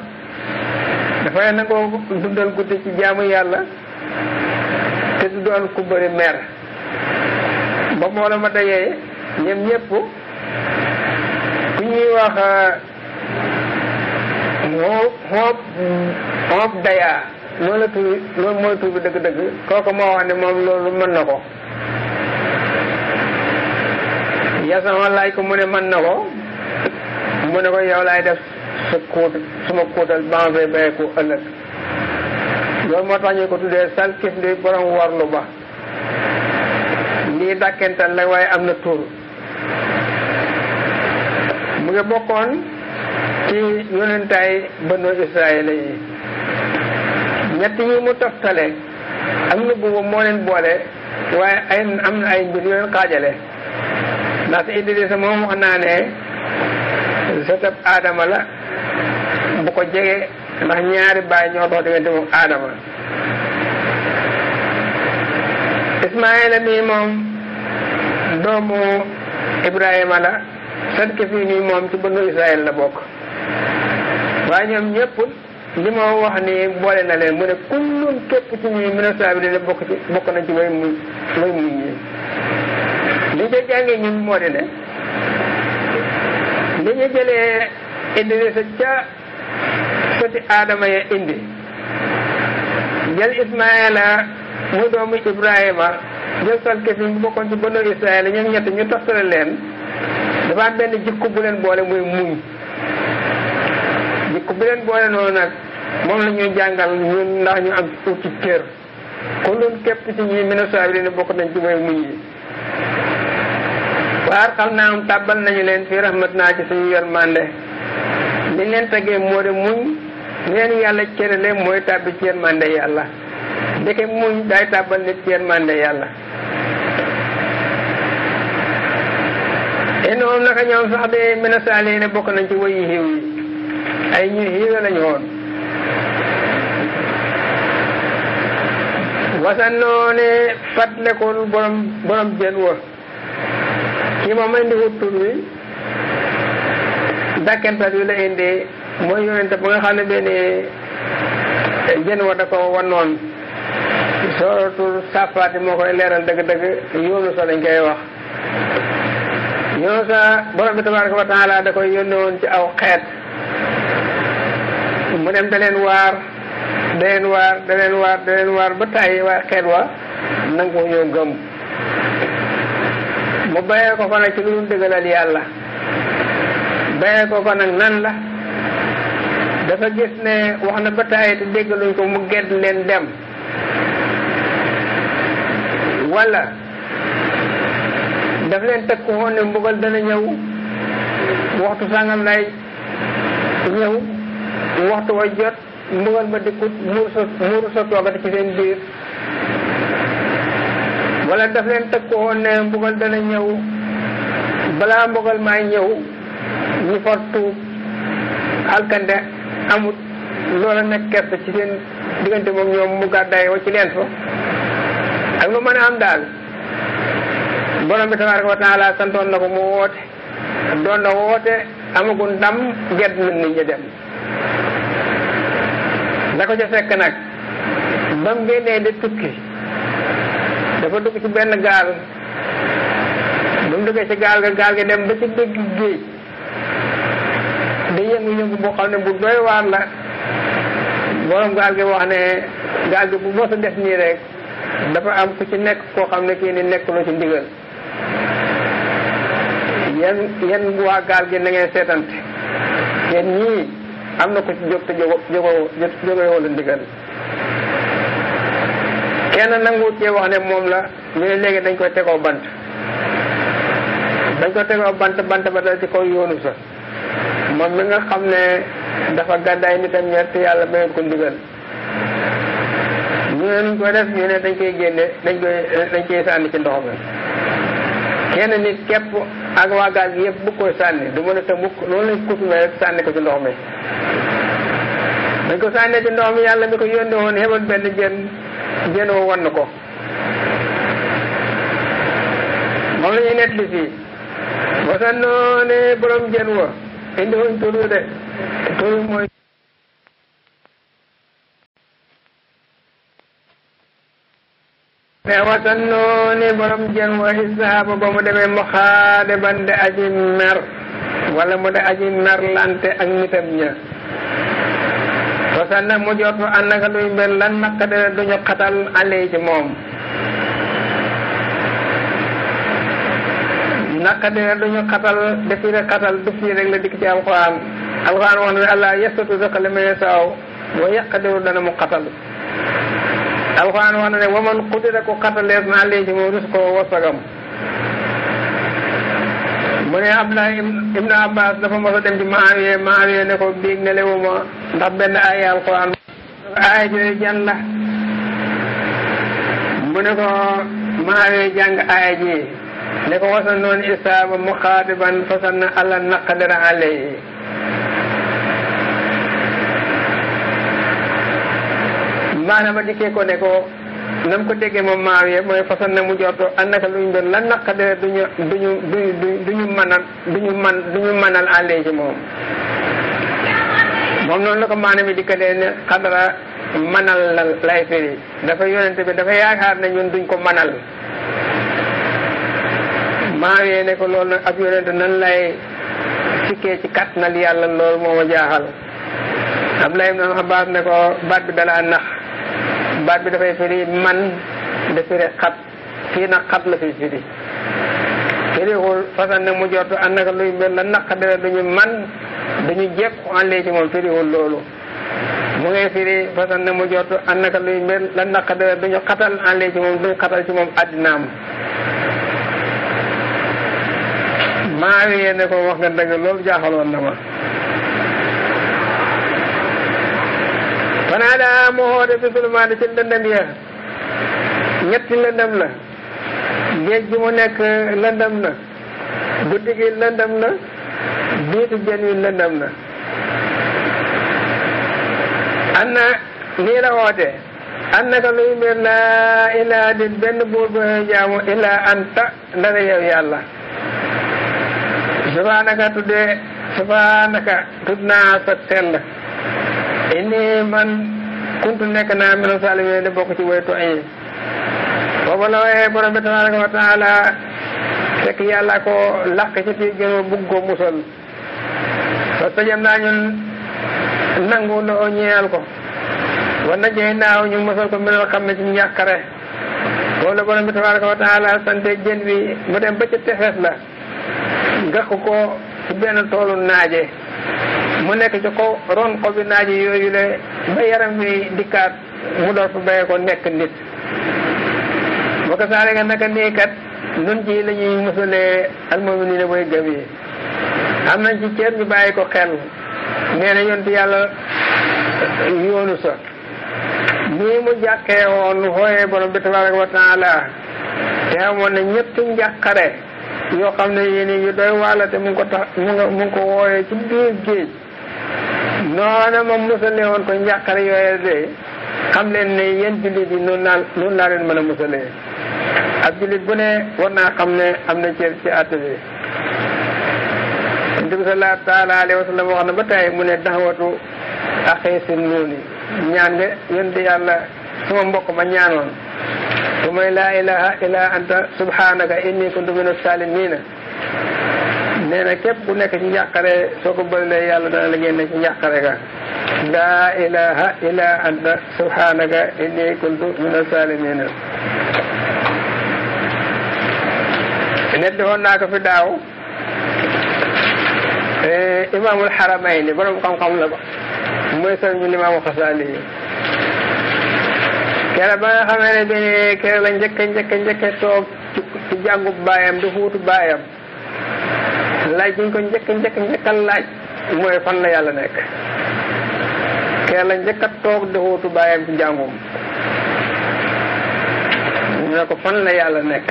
dafay nangoo dundal guddi ci jaamu yàlla te du doon ku bëri mer ba moo la ma dayee ñoom ñëpp ñuy wax xoob xoob xoob dayaa loolu la tuubi loolu mooy tuubi dëgg-dëgg kooku moo wax ne moom loolu mën na ko yasama laaj ko mu ne mën na ko mu ne ko yow laay def sa kuut suma kuutal ban fay bayeku ëllëg loolu moo tax ñu ko tuddee sal kif di borom warlu ba lii dàkkental la waaye am na tuur mu ngi bokkoon ci yonentaay banu israel yi ñett yi mu toftale ak nubuwa moo leen boole waaye ay am na ay mbir yu xaajale ndax Idrisa moom wax naa ne setab aadama la bu ko jege ndax ñaari baay ñoo dox diggante moom aadama Ismaayila mii moom doomu Ibrahima la sadki fii moom ci bënnu Israël la bokk waaye ñoom ñëpp li ma wax nii boole na leen mu ne kullum képp ci ñuy mën a saabi dina bokk ci bokk nañ ci way muy way muy ñi li ca jàngee ñun moo di indi sa ca soti aadama ya indi jël Ismaayila mu doomu Ibrahima jël salke fi bokkoon ci bënnu Israël ñoom ñett ñu tofsale leen dafa am benn jikko bu leen boole muy muñ jikko bu leen boole noonu nag moom la jàngal ñun ndax ñu am ut ci cër kon loolu képp ci ñi minosaar yi bokk nañ ci mooy muñ yi waar xam naa am tàbbal nañu leen fi rahmat naa ci suñu yërmande liñ leen tegee moo de muñ leen yàlla cërale mooy tàbbi ci yërmande yàlla ndeke muñ daay tàbbal nit ci yërmande yàlla inna eh, moom naka ñoom sax de mina saalihin ne bokk nañ ci woyu xiiw yi ay ñu xiiwe lañu woon wasannoo ne fatlekul borom borom jën wa kii moom indi wut tur wi dàkkental wi la indi mooy yonente ba nga xam ne benn eh, jën wa da ko wannoon sooratul safaati moo koy leeral dëgg-dëgg yoonu so lañ koy wax Yuusa borom bi tabaraka wa taala da koy yónne woon ci aw xeet mu dem da leen waar da leen waar da leen waar ba tàyyi waa xeet wa nangu ñoo gëm mu bayee ko ko nag ci lu dul dëggalal yàlla bayee ko ko nag nan la dafa gis ne wax na ba tàyyi te déggaluñ ko mu gedd leen dem wala daf leen teg koo woon ne mbugal dana ñëw waxtu sàngam lay ñëw waxtu wa jot mbugal ma dikkut muur sa muuru sa toogati ci seen biir wala daf leen teg ko woon ne mbugal dana ñëw balaa mbugal maa ñëw ñu for tuub alkande amut loola nekk kert ci seen diggante moom ñoom mu gàddaay wa ci leen fa ak lu mën a am daal borom bi tabaraka naa taala santoon na ko mu woote doon na woote amagul ndam gedd na nit ñi dem da ko ca fekk nag ba mu génnee di tukki dafa dugg ci benn gaal ba mu duggee ci gaal ga gaal gi dem ba ci dëgg géej di yëngu-yëngu boo xam ne bu doy waar la borom gaal gi wax ne gaal gi bu mos a def nii rek dafa am ku ci nekk koo xam ne kii ni nekk lu ci ndigal yéen yéen waa gaal gi na ngeen seetante yéen ñii am na ko ci jóg te kenn nanguwut cee wax ne moom la ñu ne léegi dañ koy tegoo bant dañ ko tegoo bant bant ba dal ci kaw yoonu sa moom mi nga xam ne dafa gàddaay nitam ñett yàlla mayut ko ndigal ñu ne nuñ koy def ñu ne dañ koy génne dañ koy dañ koy sànni ci ndox mi kenn nit képp ak waa gaal gi yëpp sànni du mën sa mukk loolu lañ ko rek sànni ko ci ndox mi dañ ko sànnee ci ndox mi yàlla mi ko yónni woon hebal benn jën jën woo wann ko moom la ñuy nettali fii wasan borom jën wa indi wuñ turu de turu mooy mais wasanoo ni borom jën wa xisaaba ba mu demee mu xaade ban de aji mer wala mu de aji mer lante ak nitam ña wasanna mu jot fa ànd lan maqadara duñu xatal ale ci moom naqadara duñu xatal defi rek xatal du fii rek la dikk ci alxuraan alxuraan wax na ne allah yestatu dëkk li ma yesaaw wa yaqadiru dana mu xatal alxuraan wax ne waman xudira ko xatalees naa léegi moom rus ko wasagam mu ne Abdullah ibn Abbas dafa mos a dem ci Maawiya Maawiya ne ko biig ne lewuma ndax benn aaya alxuraan aaya jooju jan la mu ji ne ko wasa noonu isaaba muxaadiban fasan na ala naqdira alayhi maanaam a dikkee ko ne ko na mu ko déggee moom maawiye mooy façon na mu jorto annaka luñ doon lan naqadee duñu duñu duñu duñu manal duñu man duñu manal àllee ci moom moom noonu la ko maanaam yi dikkalee ne xadara manal la lay firi dafa yonente bi dafa yaakaar ne ñun duñ ko manal maawiye ne ko loolu nag ab yonente nan lay sikkee ci kattanal yàlla loolu moo ma jaaxal Abdoulaye ibn Abbas ne ko baat bi dalaa nax baat bi dafay firi man da firi xat fii nag xat la fi firi firiwul façon ne mu jortu ànd ak luy mbir la naqadara duñu man duñu jekku àllee ci moom firiwul loolu mu ngay firi façon ne mu jortu ànd ak luy mbir la naqadara duñu xatal àllee ci moom duñu xatal ci moom àddinaam maa ngi ne ko wax nga dëgg loolu jaaxaloon na ma xanaa daa moo de bisulmaan ci lëndëm ya ñetti lëndëm la géej mu nekk lëndëm na guddi gi lëndëm na biitu jën wi lëndëm na an na lii la luy mbir laa ilaa di benn buur bu jaamu ilaa anta ndara yow yàlla subhanaka tuddee subhanaka tudd naa sa inni man kuntu nekk naa minu saalimiin di bokk ci way tooñ yi booba la waxee borom bi tabaaraka wa taala fekk yàlla ko làq ci biir a jën bi mu dem ba tefes la gàq ko ci benn toolu naaje mu nekk ci kaw ron xobi naaj yooyu le ba yaram wi dikkaat mu door fu bayee ko nekk nit boo ko saare nga naka nii kat nun ci la ñuy musalee almomini ne mooy gëm yi am nañ ci cër ñu bàyyi ko xel nee na yontu yàlla woon xooyee borom bi tabaraka wa taala te amoon ñetti njàqare yoo xam ne yéen yu doy wàlla te mu ngi ko tax mu ko wooyee ci biir géej noona ma musalee woon ko njàqare yooye de xam leen ne yéen jullit yi noonu laa noonu laa leen mën a musalee ab jullit bu ne war naa xam ne am na cër ci àtt bi Yonent bi sallallahu taala wa sallam wax na ba tey mu ne daxawatu axee si noonu ñaan nga yonent yàlla sama mbokk ma ñaanoon su may laa ilaha illa anta subhanaka inni kuntu mina saalimiina nee na képp ku nekk ci njàqare soo ko bërilee yàlla dana la génne ci njàqare ga laa ilaha illa anta inni kuntu min asalimin nett woon naa ko fi daaw eh, imaamul xaramayni borom xam-xam la ba mooy sëriñ bi limaamu xasaali baayam di fuutu baayam laaj bi ko njëkk njëkk njëkkal laaj mooy fan la yàlla nekk kee la njëkk a toog dëxootu bàyyam ci jàngum ñu ne ko fan la yàlla nekk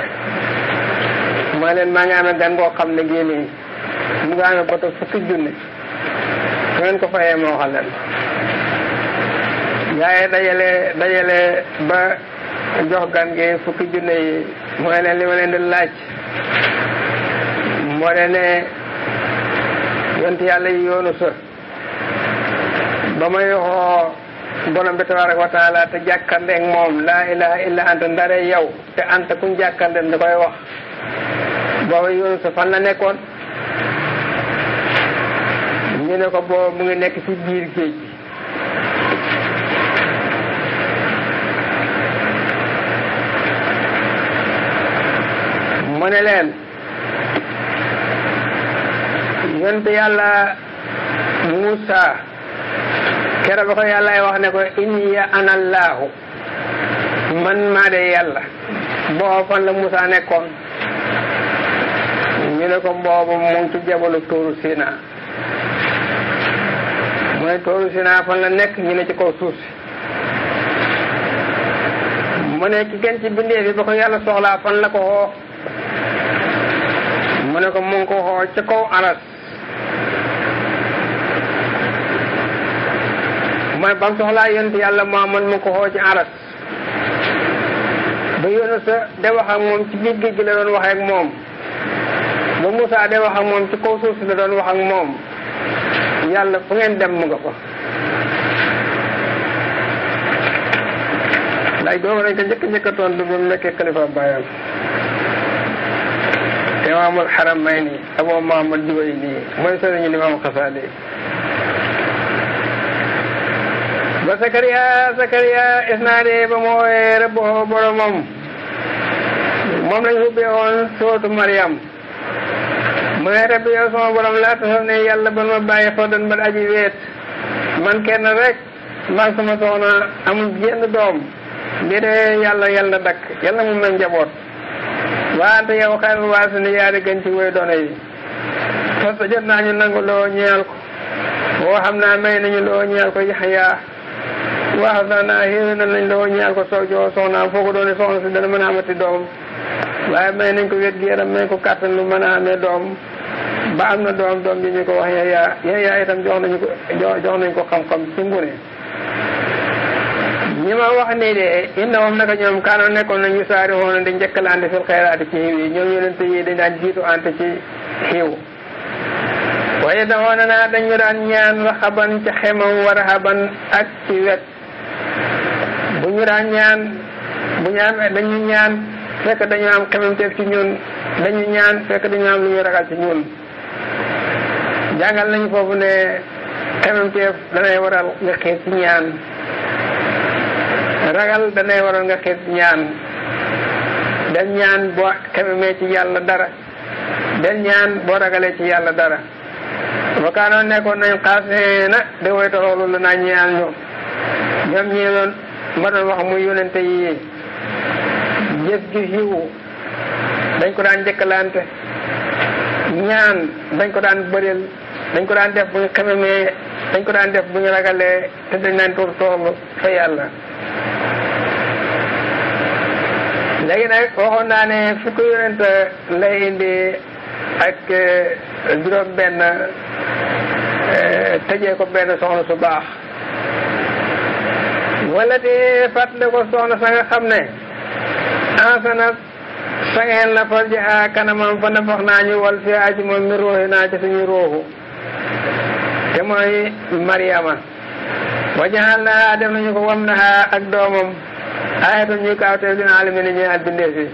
maa leen maa ngi amee gan koo xam ne génne yi mu nga amee bato fukki junni fukki junne yi mooy leen li ma leen di laaj moo de ne yont yàlla yi yoonu sa ba may xoo borom bi tabaraka wa taala te jàkkande ak moom laa ilaha illa anta ndare yow te anta kuñ jàkkande da koy wax booba yoonu sa fan la nekkoon ñu ne ko booba mu ngi nekk ci biir géej gi ne leen diggante yàlla Muusa kera ba ko yàllaay wax ne ko inniya anallahu man maa de yàlla booba fan la Muusa nekkoon ñu ne ko booba mu ngi ci jabalu Tuuru Sina mu ne Tuuru fan la nekk ñu ne ci kaw suuf mu ne ki gën ci bindee bi ba ko yàlla soxlaa fan la ko xoo mu ne ko mu ngi ko xoo ca kaw aras mooy ba mu soxlaa yonent yàlla Muhammad mu ko xoo ci aras ba yónn sa de wax ak moom ci géej gi la doon wax ak moom ba Moussa de wax ak moom ci kaw suuf si la doon wax ak moom yàlla fu ngeen dem mu nga fa ndax doomu dañ ko njëkk njëkk a tontu ba mu nekkee xalifa baayam imaamul xaramayni aboo Muhammad Juwayni mooy sëriñu limaam Xasaali ba Sakariya Sakariya is naa de ba mu wooyee rabbahu boromam moom lañ ubbee woon sootu Mariam mu ne rabbi sama borom laa taxaw ne yàlla ban ma bàyyi xodan ba aji weet man kenn rek man sama soxna amul génn doom déedéet yàlla yàlla dakk yàlla moom lañ njaboot waante yow xayrul waasini yaa di gën ci woy doone yi fas jot naa ñu nangu loo ñeel ko woo xam naa may nañu loo ñeel ko yaxyaa waaw sax naa yéene na lañ la woo ñaar ko soog joo soxnaam foo ko doone soxna si dana mën a amati doom waaye may nañ ko wet gi yaram may ko kàttan lu mën a amee doom ba am na doom doom bi ñu ko wax Yaxya Yaxya itam jox nañu ko jox nañ ko xam-xam ci ngune ñi ma wax nii de inna moom naka ñoom kaanoon nekkoon nañ ñu saari woon di njëkkalante fil xayraati ci xiiw yi ñoom yonent yi dañ daan jiitu ante ci xiiw waaye daxoon naa dañu daan ñaan raxaban ci xemam waraxaban ak ci bu ñu daan ñaan bu ñu amee ñaan fekk dañu am xememteef ci ñun dañuy ñaan fekk dañu am lu ñuy ragal ci ñun jàngal nañu foofu ne xememteef danay waral nga xeet ci ñaan ragal danay waral nga xeet ci ñaan dañ ñaan boo xememee ci yàlla dara del ñaan boo ragalee ci yàlla dara wakaanoon nekkoon nañ xaasee na de la naa ñaan ñu ñoom ñi doon ma wax muy yónnente yi jëf ju yiwu dañ ko daan njëkkalante ñaan dañ ko daan bëril dañ ko daan def bu ñu xememee dañ ko daan def bu ñu ragalee te dañ daan tuur toolu fa yàlla léegi nag waxoon naa ne fukki yonent lay indi ak eh, juróom benn eh, tëjee ko benn soxna su baax wala dee fàttali ko soxna sa nga xam ne ansanat sangeel na farji a kanamam fa nafax naa ñu wal fi aji moom mi ruuxi naa ci suñu ruuxu te mooy mariama wajaxal def nañu ko wam na ak doomam ayatan ñu kaawtee dina alami ni ñee at bindee fi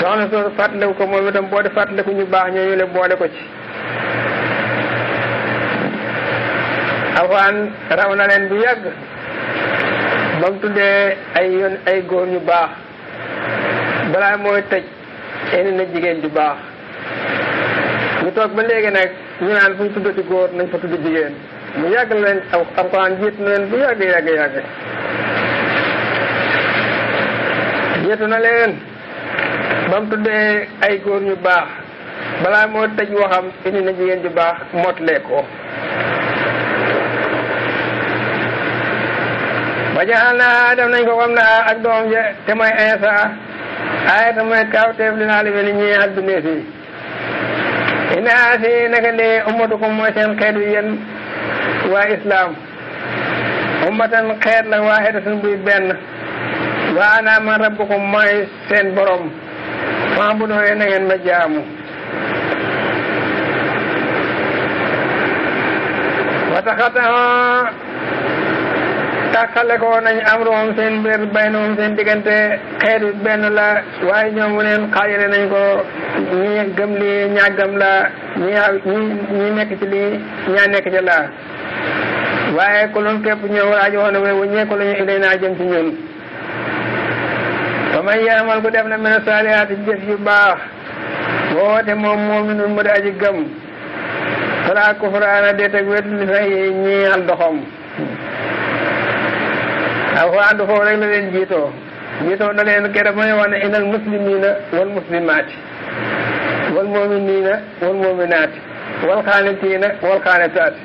soxna soo fàttaliku ko moom itam boo de fàttaliku ñu baax ñooñu le boole ko ci afaan raw na leen bu yàgg ba mu tuddee ay yoon ay góor ñu baax balaa mooy tëj indi na jigéen ju baax ñu toog ba léegi nag ñu naan fu ñu tuddati góor nañ fa tudd jigéen mu yàgg la leen aw alxuraan jiitu na leen bu yàgg yàgg yàgg jiitu na leen ba mu tuddee ay góor ñu baax balaa moo tëj waxam indi na jigéen ju baax motlee ko wajaxal naa def nañ ko xam na ak doom je te insa ay te mooy kawteef li naa ni ñi ak bindee si naka lee ummatukum mooy seen xeet wi yéen waa islam ummatan xeet la waaxidatun buy benn wa ana man rabbukum mooy seen borom maa bu doonee na ngeen ma jaamu wa taxata tàqale ko nañ amruhum seen mbir baynahum seen diggante xeetu benn la waaye ñoom neen xaajale nañ ko ñi gëm lii ñaa gëm la ñi nekk ci lii ñaa nekk ci laa waaye ku loon képp ñëw aajo woon we wu ñee ko la ñu ilay naa jëm ci ñun fa man yaamal ku def na mene saalihaati jëf yu baax woote moom moominun mu di aji gëm falaa kufraana déet ak wet li fay ñi alxuraan du foofu rek la leen jiitoo jiitoo da leen kere may wax ne inal muslimina wal muslimaati wal muminina wal muminaati wal xaanitina wal xaanitaati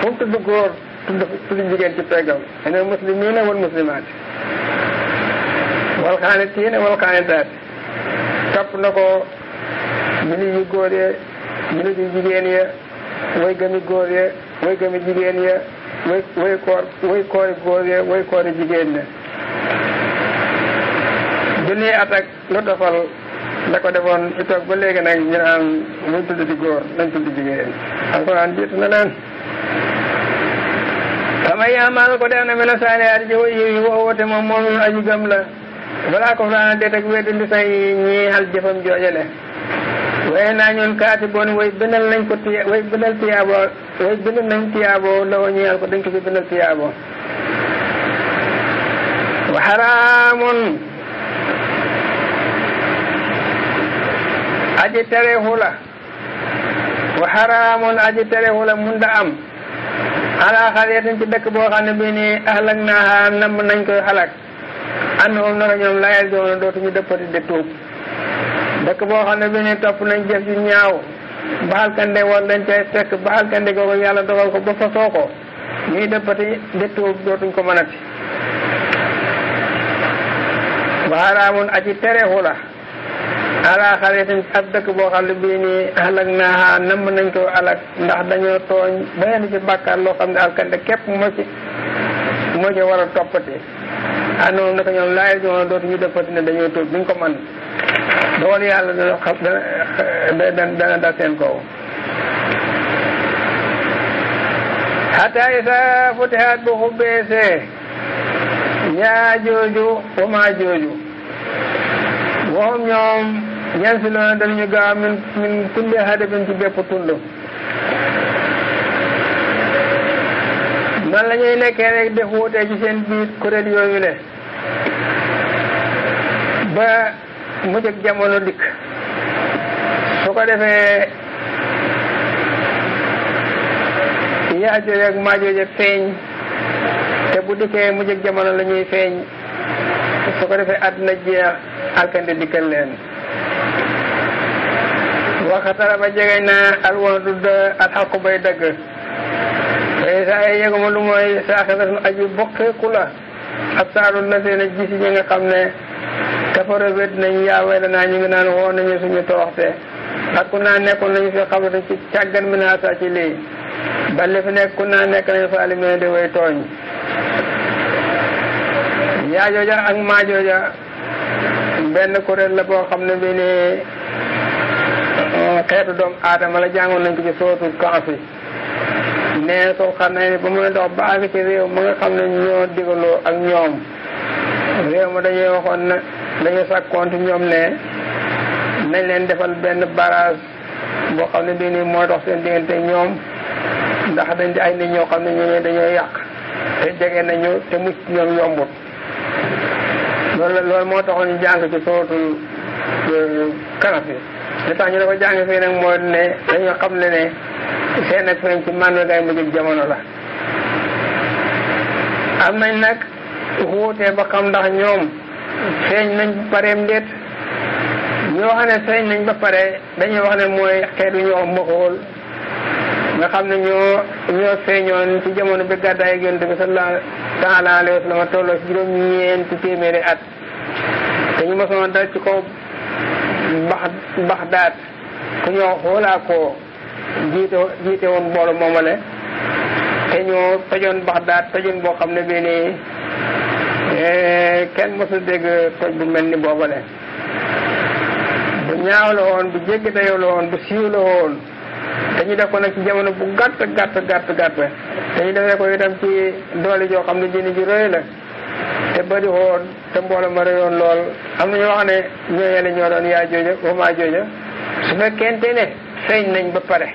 fu mu tudd góor tudd tudd jigéen ci peggam inal muslimina wal muslimaati wal xaanitina wal xaanitaati topp na ko jullit yu góor ya jullit yu jigéen ya way gëmi góor ya way gëmi jigéen ya way way koor way koori góor yee way koori jigéen ña junniy at ak lu dofal da ko defoon fi toog ba léegi nag ñu naan muy tudd di góor nañ tudd jigéen alxuraan jiitu na leen amay yaamal ko def na melo saale at ji way yooyu woote moom moom aju gëm la balaa ko fa dee teg weddindi say ñii xal jëfam joojale waaye naa ñoon kaatiboon way bindal nañ ko tiya way tiyaaboo way bindal nañ tiyaaboo la woo ñeel ko dañ ko fi bindal tiyaaboo wa xaraamun aji terexu la wa xaraamun aji terexu la mun da am ala xaryatin ci dëkk boo xam ne bii nii ahlak naaha nañ koy xalak ànd moom naka ñoom layal joona dootuñu dëppati de tuub dëkk boo xam ne bi ne topp nañ jëf ju ñaaw baalkande war lañ cay fekk baalkande googu yàlla dogal ko ba fasoo ko ñuy dëppati dëttuwub dootuñ ko mënati wa haraamun aji tereexu la ala xaritin ab dëkk boo xam ne bii nii xalak naaxaa nañ koo alak ndax dañoo tooñ benn ci bàkkaar loo xam ne alkande képp moo ci moo ci war a toppati àndoon ah naka ñoom laay dootuñu defati ne dañoo tuub duñ ko man dogal yàlla dana xam dana dana dal seen kaw. xataa isa futihat jooju wa jooju waxum ñoom ñan si loona dañu gaaw min min kulli hadabin ci bépp tund noonu lañuy ñuy nekkee rek def wutee ci seen biir kuréel yooyu le ba mujjëg jamono dikk su ko defee yaajooj ak maajooj feeñ te bu dikkee mujjëg jamono la ñuy feeñ su ko defee àdduna jeex alkande dikkal leen waxatara ba jege na alwana du alxaqu bay dëgg laysa ay yëguma lu mooy saaxibatun aju bokkeeku la absaaru la seen a gis ñi nga xam ne kafara wét nañ yaawee la naa ñu ngi naan woo nañu suñu toroxte ak ku naa nekkoon nañu fi xam ne ci càggan mi naa sa ci lii balli fi nekk ku naa nekk nañu faalimee di way tooñ yaa jooja ak maa benn kuréel la boo xam ne bi ni xeetu doomu aadama la jàngoon nañ ko ci sootu kanfi ne soo xamee ne ba muy dox ba àgg ci réew ma nga xam ne ñoo digaloo ak ñoom réew ma dañuy waxoon na dañu sàkkoonte ñoom ne nañ leen defal benn barrage boo xam ne bii nii mooy dox seen diggante ñoom ndax dañ di ay nit ñoo xam ne ñooñu dañoo yàq te jege nañu te mucc ñoom yombut loolu loolu moo taxoon ñu jàng ci sootul euh, kanaf yi li tax ñu ne ko jàng fii nag moo ne dañoo xam ne ne seen ak feeñ ci màndargaay mujj jamono la am nañ nag wuutee ba xam ndax ñoom feeñ nañ ba ne pare dañuy wax ne mooy xeetu ñoo xam maxool nga xam ne ñoo ñoo feeñoon ci jamono bi gàddaay yonent bi sallallahu taala alayhi wa sallam tolloo ci juróom ñeenti téeméeri at te ñu mosoon dal ci kaw Baxdaad ku ñoo xoolaa ko jiite woon mbooloo moomale te ñoo tojoon Baxdaad tojoon boo xam ne bii nii eh, kenn mësul dégg toj bu mel ni boobale bu ñaaw woon bu jéggi dayoo la woon bu siiw woon te def ko nag ci jamono bu gàtt gàtt gàtt gàtt te ñu defee ko itam ci doole joo xam ne jëni ji rëy la te bari woon te mbooloo ma reyoon lool am na ñoo xam ne ñooñu la ñoo doon yaa jooja wama jooja su fekkente ne feeñ nañ ba pare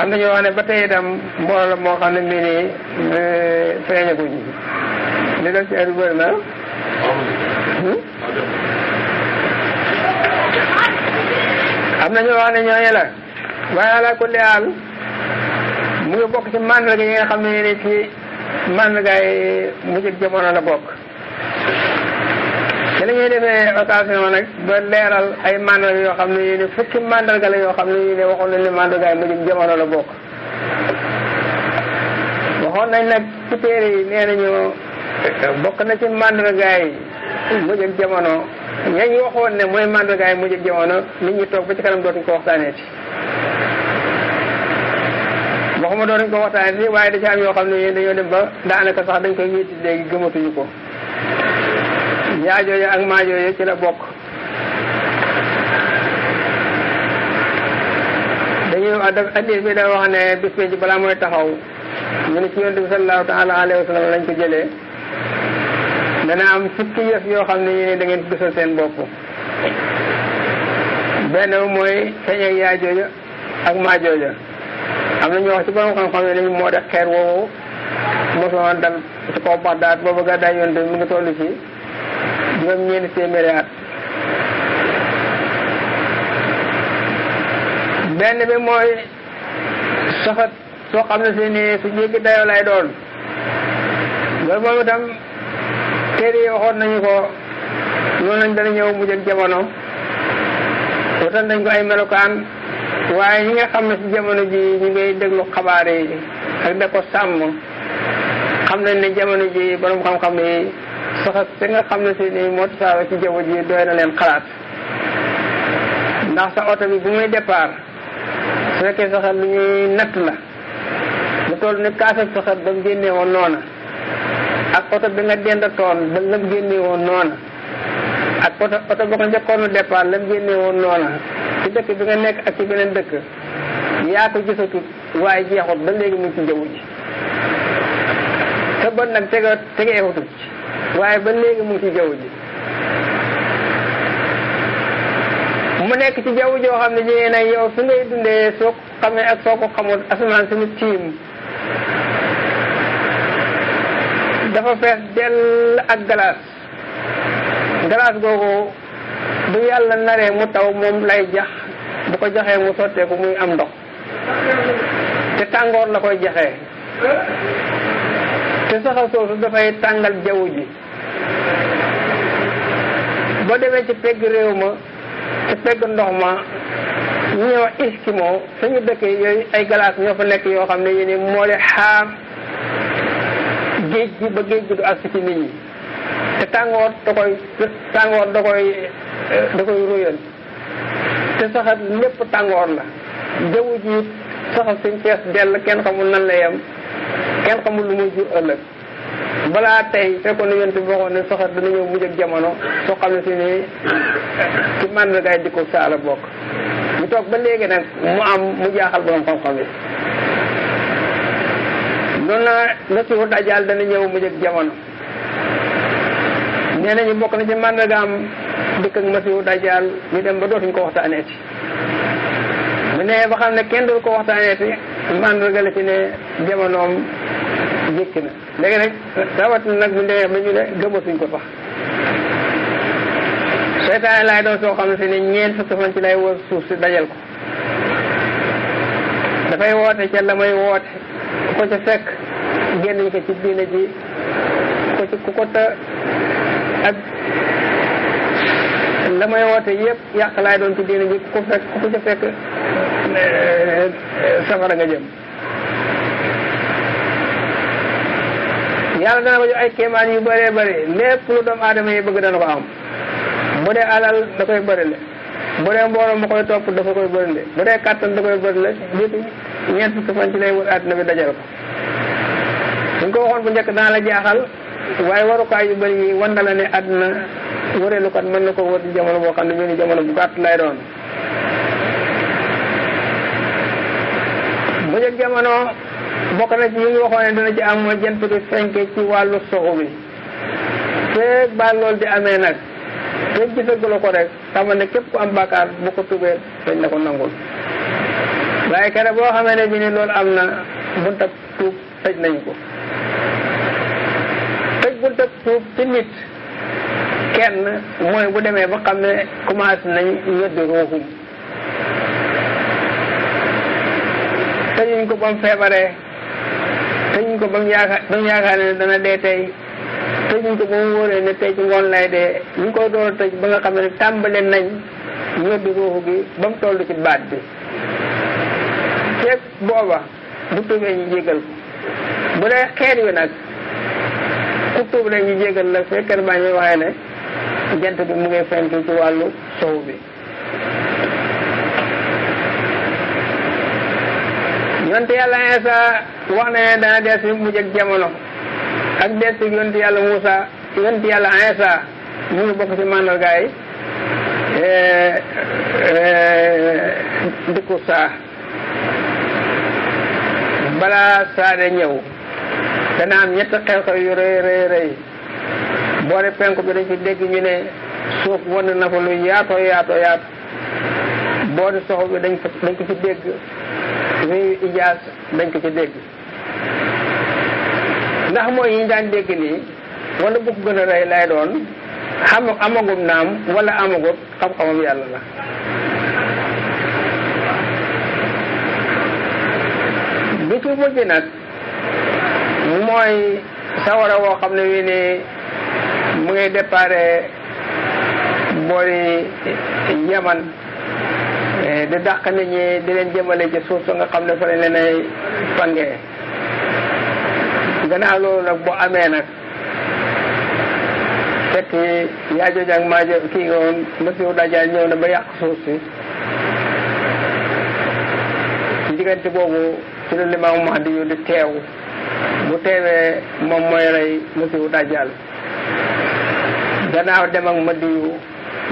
am na ñoo xam ne ba tey itam mbooloo moo xam ne mii nii eh, feeñaguñ li def ci heure bëri na. Hmm? am na ñoo xam ne ñooñu la waaye alaa kulli haal mu ngi bokk ci màndarga yi nga xam ne nii ci. màndargaay mujjug jamono la bokk te la ñuy defee occasion nag ba leeral ay màndarga yoo xam ne yi ne fukki màndarga la yoo xam ne waxoon nañ ne màndargaay mujjug jamono la bokk nañ nag ci yi nee nañu bokk na ci màndargaay mujjug jamono ñañ waxoon ne mooy màndargaay mujjug jamono nit ñi toog ba ci kanam dootuñ ko waxtaanee ci ma doon nañ ko waxtaane fii waaye xam ne dañoo dem ba daanaka sax dañ koy wéeti léegi gëmatuñu ko yaajooye ak maajooye ci la bokk dañuy addis bi da wax ne bis bi balaa mooy taxaw ñu ne ci yonent bi sallallahu taala alayhi wa lañ ko jëlee dana am fukki yëf yoo xam ne yéen da ngeen gisal seen bopp benn mooy feeñ ak yaajooja ak maajooja am na ñoo wax ci borom xam-xam ne moo def xeer woowu mosoon dal ci kaw Baxdaad boobu gàddaay yoon mu ngi toll ci juróom ñeenti téeméeri at benn bi mooy soxat soo xam ne si nii su jéggi dayoo lay doon loolu moom itam téere yi waxoon nañu ko loolu nañ dana ñëw mu jël jamono wutal nañ ko ay melokaan waaye ñi nga xam ne ci jamono ji ñu ngay déglu xabaar yi ak da ko sàmm xam nañ ne jamono ji borom xam-xam yi soxat si nga xam ne si ni moo tasaaroo ci jaww ji doy na leen xalaat ndax sa oto bi bu muy départ su fekkee soxat lu ñuy natt la lu toll ni kaasab soxat ba mu génnee woon noona ak oto bi nga dendatoon ba mu génnee woon noona ak oto oto ba ko njëkkoonu départ la mu génne woon noona ci dëkk bi nga nekk ak ci beneen dëkk yaa ko gisatut waaye jeexut ba léegi mu ngi ci jaww ji te bon nag tege tegeewutut waaye ba léegi mu ci jaww ji mu nekk ci jaww joo xam ne jigéen nag yow fi ngay dundee soo ko xamee ak suñu tiim dafa fees dell ak galaas glace googu bu yàlla naree mu taw moom lay jax bu ko jaxee mu sotteeku muy am ndox te tàngoor la koy jaxee te saxal soosu dafay tàngal jaww ji boo demee ci pegg réew ma ci pegg ndox ma ñu ñuy wax Eskimo suñu dëkk yooyu ay glace ñoo fa nekk yoo xam ne yéen moo leen xaar géej gi ba géej gi du agsi ci nit ñi te tàngoor da koy tàngoor da koy da koy róyal te saxat lépp tàngoor la jaww ji saxat suñ fees dell kenn xamul nan la yem kenn xamul lu muy jur ëllëg balaa tey fekkoon na yéen bi waxoon ne saxat dana ñëw mujj ak jamono soo xam ne si nii ci màndargaay dikku saa la bokk mu toog ba léegi nag mu am mu jaaxal borom xam-xam yi noonu la nasiru dajaal dana ñëw mujj ak jamono nee nañu bokk na ci màndargaam dëkk ak masiwu dajjaal ñu dem ba dootuñ ko waxtaanee ci mu ne ba xam ne kenn dootu ko waxtaanee ci màndarga la ci ne jamonoom jékki na léegi nag rawat na nag bu demee ba ñu ne gëmatuñ ko sax seytaane laay doon soo xam ne si ne ñeent fukki fan ci lay wër suuf si dajal ko dafay woote ca la woote ku ko ca fekk génn ko ci diina ji ku ko ta ak la may woote yëpp yàq laay doon ci diine ji ku fekk ku ca fekk eh, safara nga jëm yàlla dana ko jox ay kéemaan yu bëree bëri lépp lu doomu aadama yi bëgg dana ko am bu dee alal da koy bërile bu dee mbooloo ma koy topp dafa koy bërile bu dee kàttan da koy bërile jiitu ñeent fukki fan ci lay wër àddina bi dajal ko buñ ko waxoon bu njëkk dana la jaaxal waaye warukaay yu bari yi wan na la ne àdduna wëreelu kat mën na ko wër jamono boo xam ne benn jamono bu gàtt lay doon. jamono bokk na ci yi ñu waxoon ne dina ci am jant bi fenke ci wàllu soxu bi feeg ba loolu di amee nag feeg gisagula ko rek xamal ne képp ku am bàkkaar bu ko tubee dañ na ko nangul waaye kere boo xamee ne bi ni loolu am na bunta tuub tëj nañu ko bunta tuub ci nit kenn mooy bu demee ba xam ne commencé nañ yëddu ruuxum tëjuñ ko ba mu feebaree tëjuñ ko ba mu yaakaar ba mu yaakaar ne dana dee tey tëjuñ ko ba mu wóoree ne tey ci ngoon lay dee ñu koy door a tëj ba nga xam ne tàmbale nañ yëddu ruuxu ba mu toll ci baat bi ceeb booba bu tuubee ñu bu dee xeet wi nag ku tuub rek ñu jégal la fekk na baa ngi waxee ne jant bi mu ngi fenk ci wàllu sow bi yonte yàlla Iisa wax na ne dana des fi mujj ak jamono ak des fi yonte yàlla Muusa yonte yàlla Iisa mu ngi bokk ci màndarga eh, eh, dikku saa balaa saa de ñëw dana am ñetti xew-xew yu rëy rëy rëy boori penku bi dañ ci dégg ñu ne suuf wan na fa lu yaato yaato yaatu boori soxu bi dañ ko ci dégg wéyu dañ ko ci dégg ndax mooy yi ñu daan dégg nii wala bu ko gën a rëy lay doon xam amagum naam wala amagut xam-xamam yàlla la bi mujj nag mooy sawara woo xam ne wii mu ngi déparé boori yaman eh, di dàq nit ñi di leen jëmale ci suuf su nga xam ne fa lañ leen ay fangee gannaaw loolu nag bu amee nag fekk yaajooj ak maajo kii nga woon masiwu dajal ñëw na ba yàq suuf si ci diggante boobu ci la limaamu Mahdi yu di teew bu teewee moom mooy rey masiihu dajjal gannaaw dem ak madiyu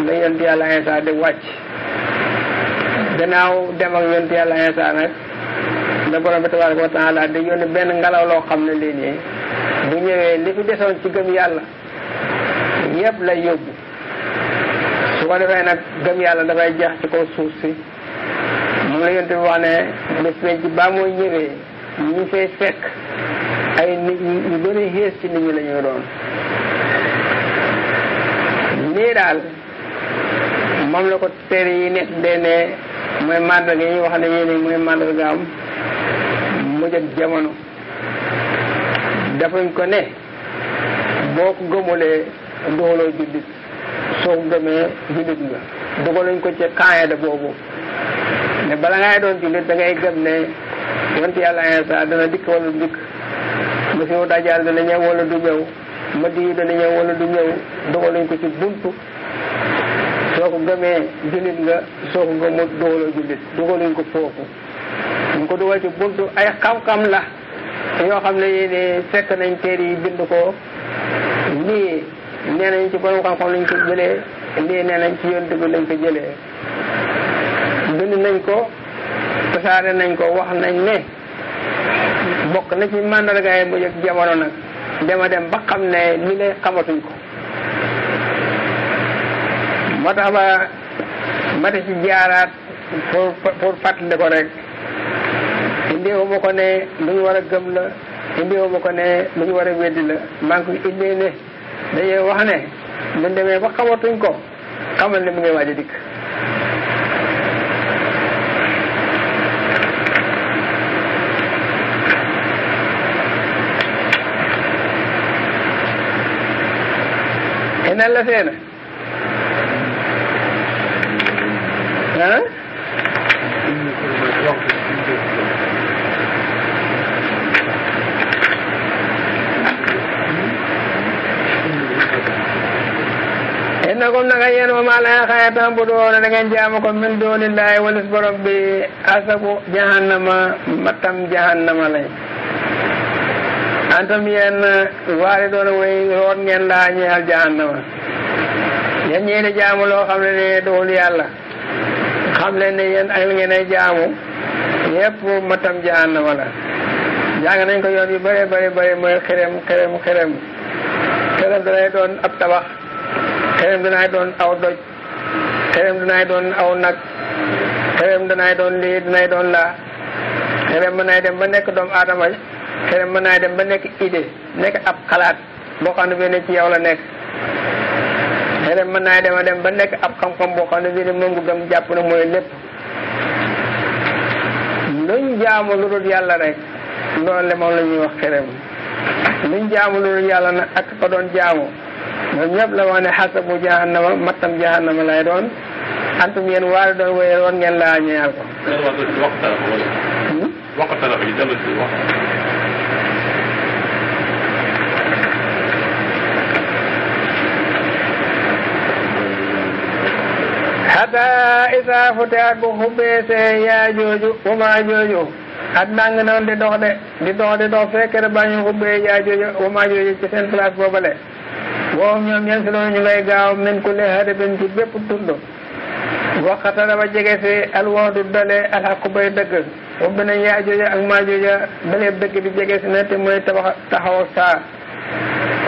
la yonent yàlla Iisaa di wàcc gannaaw dem ak yonent yàlla Iisaa nag la borom benn ngelaw loo xam ne lii nii bu ñëwee li fi desoon ci gëm yàlla yëpp lay yóbbu su ko defee nag gëm yàlla dafay jeex ci kaw suuf si moom la yonent bi wax ne bés ci baa mooy ñëwee ñu fay fekk ay nit ñu gën a xées ci nit ñi la doon nii daal moom la ko téere yi nekk dene mooy màndarga yi wax ne yéen mooy màndargaam jamono dafañ ko ne boo ko gëmulee doxaloo jullit soo ko gëmee jullit nga dugalañ ko ci kaayada boobu ne bala ngay doon jullit da ngay gëm ne wante yàlla insa dana dikk wala dikk masiihu dajjaal dana ñëw wala du ñëw madiyu dana ñëw wala du ñëw dogaluñ ko ci buntu soo ko gëmee jullit nga soo ko gëmut dogaloo jullit ko foofu ñu ko dugal ci buntu ay xam-xam la yoo xam ne yéen fekk nañ teer yi bind ko lii nee nañ ci borom xam-xam lañ ko jëlee lii nee nañ ci yonent bi lañ ko jëlee bind nañ ko tasaare nañ ko wax nañ ne bokk na ci màndargaay bu njëkk jamono nag dama dem ba xam ne li lay xamatuñ ko moo tax ba ma ci jaaraat pour pour fàttali ko rek indiwu ma ko ne lu war a gëm la indiwu ma ko ne lu war a weddi la maa ngi indee ne dañuy wax ne bu demee ba xamatuñ ko xamal ne mu ngi waaj dikk nella seena ah eh? innakum naka yéen wa maa la xaya tambudoona da ngeen jaamu ko min doonillaahi walis borom bi asaku jahannama matam jahannama lay antam yeen waari doona way root ngeen laa ñeexal jahannama yeen ñee di jaamu loo xam ne ne doolu yàlla xam leen ne yeen ak li ngeen ay jaamu yépp matam jahannama la jàng nañ ko yoon yu bare bare bare mooy xerem xerem xerem danay doon ab tabax xerem danay doon aw doj xerem danay doon aw nag xerem danay doon lii danay doon laa xerem nay dem ba nekk doom aadama xëy mën naa dem ba nekk idée nekk ab xalaat boo xam ne bii ne ci yaw la nekk xëy mën naa dem a dem ba nekk ab xam-xam boo xam ne bii ne moom nga gëm jàpp na mooy lépp luñ jaamu lu dul yàlla rek loolu la moom la ñuy wax xerem luñ jaamu lu dul yàlla nag ak ko doon jaamu ñoom ñëpp la wax ne xasabu jahannama mattam jahannama lay doon antum yéen waari doon wéyal woon ngeen laa ñëwaat ko. hatta isa futihat bu xubbeesee yaa jooju wa maa jooju at maa ngi noonu di dox de di dox di dox fekk rek ba ñu xubbee yaa jooju wa maa jooju ci seen place boobale boobu ñoom ñen si loolu ñu ngay gaaw min kulli hadabin ci bépp tund waxata daba jege si alwaxdu dale alxaqu bay dëgg ubbi nañ yaa jooja ak maa jooja dalee dëgg bi jege si na te mooy tabax taxaw saa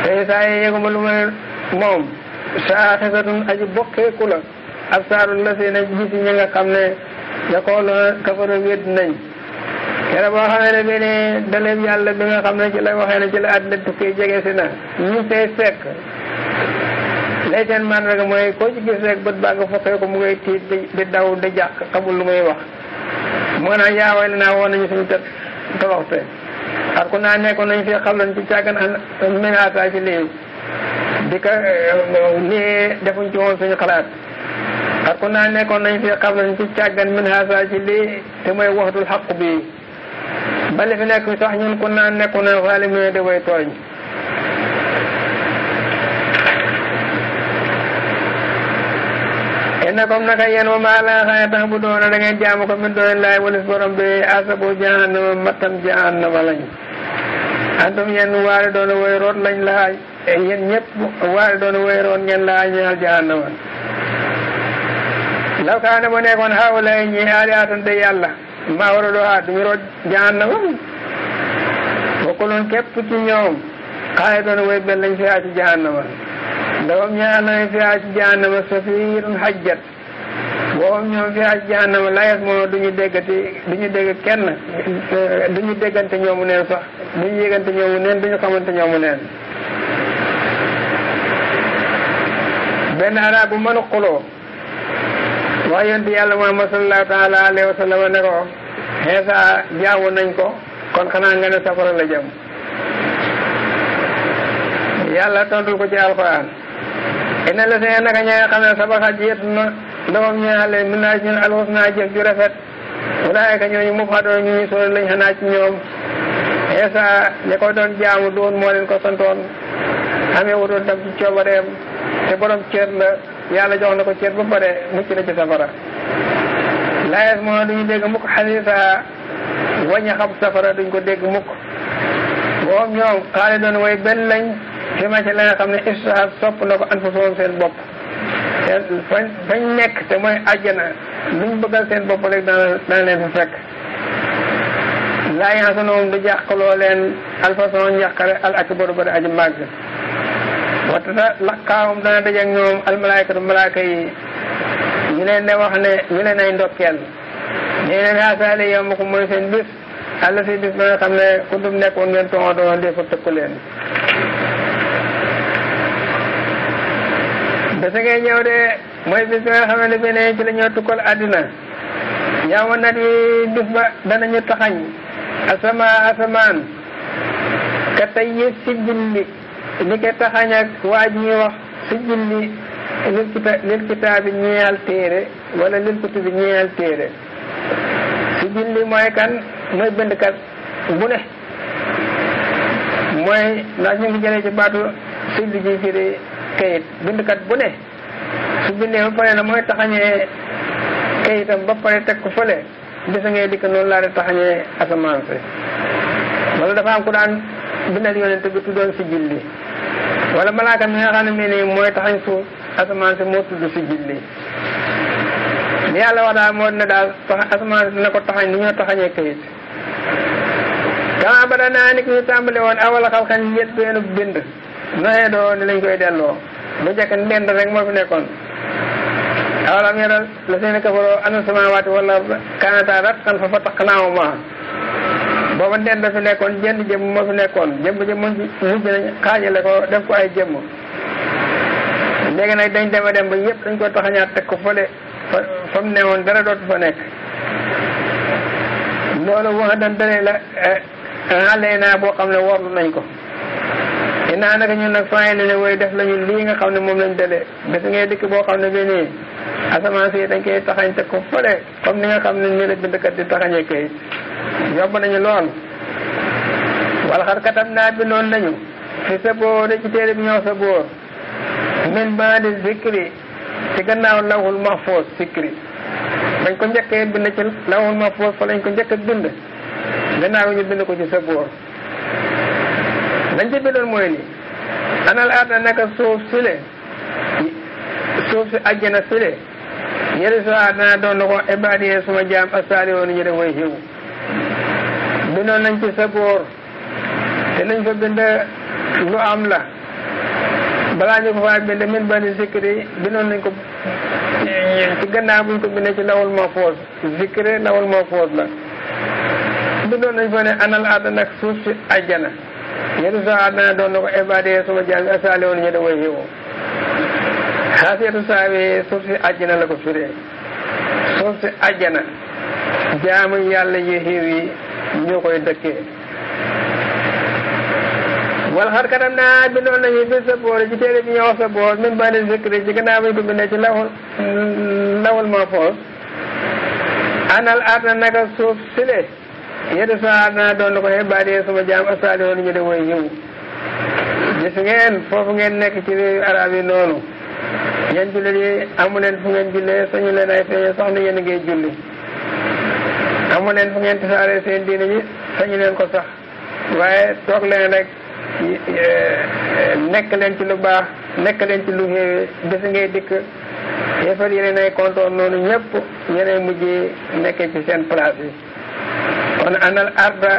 te saa yi lu may moom saa xesatun aji bokkeeku la absaaru lasina gis ñi nga xam ne yaqooluna kafara wédd nañ kere boo xamee ne bi daleeb yàlla bi nga xam ne ci la waxee ne ci la àddina tukki jege si na ñu fay fekk lay seen màndarga mooy koo ci rek bët baa nga fokkee ko mu ngay tiit di daw di jàq xamul lu muy wax moo naan yaaway la naa woon nañu suñu te tabaxte ku naa nekkoon nañu fii xam lan ci càggan an menaasa ci lii di ko lii eh, eh, defuñ ci woon suñu xalaat xar ku naa nekkoon nañ fi xam nañ ci càggan min haasa ci lii te mooy waxtul xaq bi ba li fi nekk sax ñun ku naa nekkoon nañ xaalimee di way tooñ ne comme naka yéen moom maa la nga xam ne tax bu doon da ngeen jaamu ko min doon laay walis borom bi asabu jahannama mattam jahannama lañ antum yéen waari doon woy root lañ laa yéen ñëpp waari doon woy root ngeen laa ñaal jahannama law kaana bu nekkoon xawla ñi aalihatun de yàlla maa waraloo ha du miroo wa kulun képp ci ñoom xaayitoon way bel lañ fiyaa ci ci jahannama safiirun hajjat woom ñoom fiyaa ci jahannama layes moom duñu déggati duñu dégg kenn duñu déggante ñoomu neen sax duñu yégante ñoomu neen duñu xamante ñoomu neen benn arab bu mën waaye yonent yàlla Muhammad sallallahu taala wa sallam ne ko xeesa jaamu nañ ko kon xanaa nga safara la jëm yàlla tontul ko ci alxuraan ina la see naka ña nga xam ne sabaxat yéet na ndamam ñeexale mën naa ñun alxusnaa jëf ju rafet walaayka ñooñu mu faatoo ñu ñu sóor lañ xanaa ci ñoom xeesa ña ko doon jaamu doon moo leen ko santoon amee wutoon tam ci coobareem te borom cër la yàlla jox la ko cër ba pare mucc la ci safara laayes moo duñu dégg mukk xasisa waña xam safara duñ ko dégg mukk boom ñoom xaali doon way benn lañ fi ma ci la nga xam ne istahaat sopp na ko anfusuhum seen bopp te fañ fañ nekk te mooy àjjana luñ bëggal seen bopp rek dana dana leen fa fekk laa yansunoom du jàqloo leen alfaçon njàqare al akbaru bari aji màgg waxtu na laqaawam dana dajeeg ñoom almalaykatu malaaka yi ñu leen ne wax ne ñu leen ay ndokkeel ñu leen xaasaale yow ma ko mooy seen bis àll si bis ba nga xam ne ku dum nekkoon ngeen tongo doon dee fa tëkku leen bés ngay ñëw de mooy tukkal àddina yaa ma nat yi bis ba danañu taxañ asama asamaan ka tey si julli li ko taxañ ak waa ji ñuy wax si julli lil kita lil kitaabi ñeel téere wala lil kutubi ñeel téere si julli mooy kan mooy bindkat bu ne mooy ndax ñu ngi jëlee ci baatu sujj ji firi kayit bindkat bu ne su bindee ba pare la mooy taxañee kayitam ba pare teg ko fële bisa ngay dikk noonu laa di taxañee asamaan si wala dafa am ku daan bindal yonent bi tuddoon si julli wala malaaka mi xam ne mii nii mooy taxañ suuf asamaan si moo tudd si jilli li yàlla wax daal moo dina daal tax asamaan si dina ko taxañ ni ñoo taxañee kayit kama ba da naa ni ki ñu tàmbali woon awal xalxan njët benn bind noxee doo ni lañ koy delloo bu njëkk ndend rek moo fi nekkoon awalam yaral la seen kafaroo ana samawaati wala kanata rattan fa fataqnaahuma booba da fi nekkoon jenn jëmm moo fi nekkoon jëmm jëmm moom ci mujj nañ xaajale ko def ko ay jëmm léegi nag dañ dema dem ba yépp dañ ko ñaar teg ko fële fa fa mu newoon dara dootu fa nekk loolu wax dan dalee la eh, xale naa boo xam ne warlu nañ ko inaa naka ñun nag fenyi li ne wooyu def lañu lii nga xam ne moom lañ dalee bés ngay dëkk boo xam ne bi asamaan si dañ koy taxañ te ko fële comme ni nga xam ne nii la bindkat di taxañee kayit yomb nañu lool wal xar katam naa bi nañu fi sa boor ci téere bi ñëw sa boor min baadi zikri ci gannaaw lawhul mahfuz zikri dañ ko njëkkee bind ci lawhul mahfuz fa lañ ko njëkk ak bind gannaaw ñu bind ko ci sa boor ci bindoon mooy ni anal arda naka suuf sile suuf si àjjana file yële saa dana doon na ko ibaadiye e suma jaam asaali ñu def way xiw bindoon nañ ci sa te lañ fa bind lu am la balaa ñu ko faa bind ba ni zikri bindoon nañ ko ci gannaaw buñ ko bindee ci lawul mahfuus zikri lawul mahfuus la bindoon nañ fa ne anal arda nag suuf si àjjana yële saa dana doon na ko ibaadiye e suma jaam asaali woon ñu def way xaasiyatu saawee suuf si àjjana la ko firee suuf si àjjana jaamu yàlla yi xiiw yi ñoo koy dëkkee wala xar katam naa bindoon nañu fi sa bool ci téere bi ñoo wax sa bool min ba di zikri ci gannaaw bañ ko bindee ci lawul lawul ma foos anal aat na naka suuf si le yeddu sa aat na doon na ko xibaadee sama jaam asaali woon ñu de woy yiw gis ngeen foofu ngeen nekk ci réew yi noonu yéen jullit yi amu leen fu ngeen jullee sañu leen ay feeñe sax ni yéen a julli amu leen fu ngeen tasaare seen diine ji sañu leen ko sax waaye toog leen rek eh, nekk leen ci lu baax nekk leen ci lu xéewee bés ngay dikk yëfal yenn ay kontoon noonu ñëpp yeneen mujjee nekkee ci seen place yi kon anal arda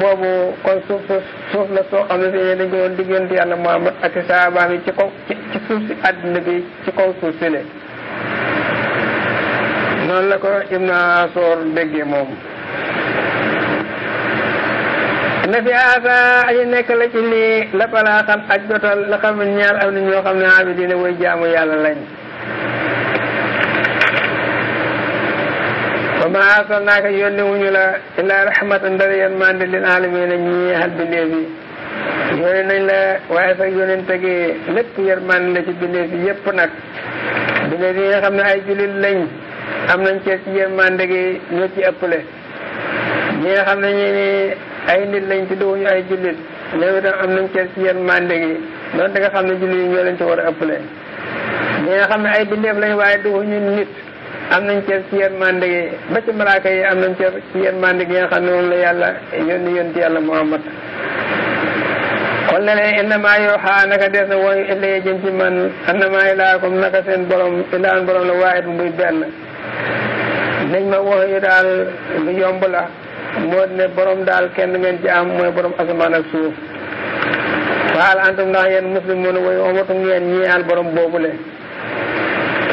boobu kon suuf suuf la soo xam ne si dañ ko doon diggante yàlla Muhammad ak saabaam yi ci kaw ci suuf si àddina bi ci kaw suuf si ne noonu la ko Ibn Asor déggee moom na fi aasa aji nekk la ci lii la balaa xam ak jotal la xam ñaar am na ñoo xam ne abidina way jaamu yàlla lañ wa ma arsalnaaka wu ñu la illaa rahmatan ndara yan mande lil alamin a ñi xal bindéef yi yónni nañ la waaye sax yónente gi lépp yan mande la ci bindéef yi yépp nag bindéef yi nga xam ne ay jullit lañ am nañ cee ci yan ci ëpple ñi nga xam ne ñi ni ay nit lañ ci duwuñu ay am nañ cee ci yan gi doonte nga xam ne jullit yi ñoo leen ci war a ëpple ñi xam ne ay bindéef lañ waaye duwuñu nit am nañ cër ci yërmande gi ba ci malaaka yi am nañ cër ci yërmande gi nga xam ne moom la yàlla yónni yónni yàlla Muhammad kon ne leen innamaa yooxaa naka des na wooyu illee jëm ci man seen borom ilaan borom la waahid muy ma wooyu daal lu yomb la moo ne borom daal kenn ngeen ci am mooy borom asamaan ak suuf waal antum ndax yéen muslimuuna wooyu omatum ngeen ñi al borom boobule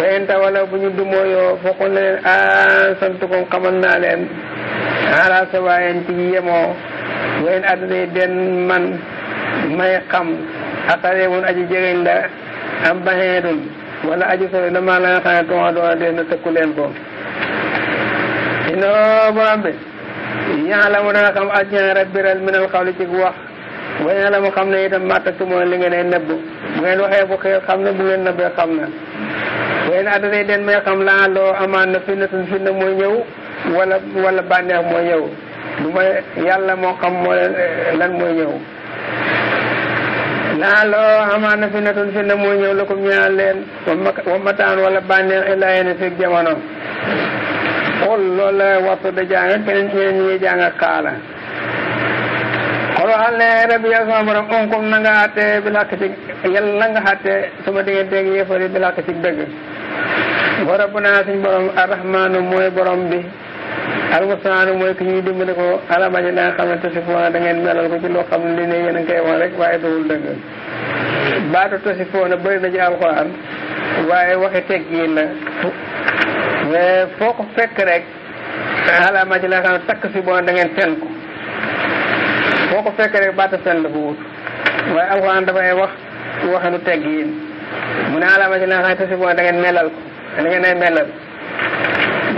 fa inta wala bu ñu dumóoyoo fokkul na leen ansantukum ah, xamal naa leen ala ah, sawaayen ci yemoo wayen adduna den man may xam akare mun aji jegeñ la am baxeedun wala aji sore la maa la nga xam ne tuma doona na tëkku leen ko inoo borom bi ñaa la mu na nga xam ak ñaa rabbiral minal xawli ci wax ba nee la mu xam ne itam màttatu mooy li ngeen ay nëbb bu ngeen waxee bu xëy xam ne bu ngeen nëbbee xam na ween addana den may xam laa loo amaan na fitna tun fitna mooy ñëw wala wala bànneex mooy ñëw yàlla moo xam moo leen lan mooy ñëw laa loo amaan na fitna tun fitna mooy ñëw la ko ñaan leen wa mataan wala bànneex illaa yéen fekk jamono xool loolu la waxtu da jàng keneen ñi ñuy jàng xaala allah rabbi yow sama borom unkum na nga àtte bil xaq ci yàlla na nga àtte sama digganteeg yéefari bil xaq ci dëgg wa rabbuna suñ borom arrahmaanu mooy borom bi almustaanu mooy ki ñuy dimbali ko alamaji da nga xam ne tasifoona da ngeen melal ko ci loo xam ne li ne yéen a ngi koy wax rek waaye dowul dëgg baatu tasifoona bëri na ci alxuraan waaye waxi teg yi la mais foo ko fekk rek alamaji la nga xam ne takk si boona da ten ko foo ko fekk rek baata fen dafa wut waaye alxuraan dafay wax waxanu tegg yi mu ne alaama si naa xam tasi boo da ngeen melal ko da ngeen melal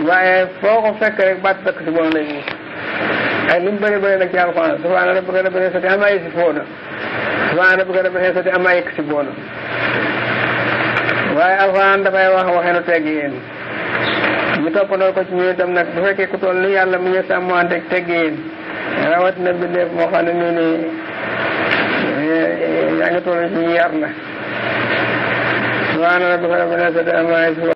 waaye foo ko fekk rek baat dëkk si bon lay wut ay lu mu bëri bëri nag ci alxuraan subhaana rabbika rabbil izzati ammaa yasifuun subhaana rabbika rabbil izzati ammaa yasifuun waaye alxuraan dafay wax waxenu tegg yéen ñu toppandoo ko ci ñu itam nag bu fekkee ku toll ni yàlla mu ñu sàmmante tegg rawat na bindéef moo xam ne nii nii eh, yaa ngi toll ci yar na subhaana rabbika rabbil izzati ammaa yasifuun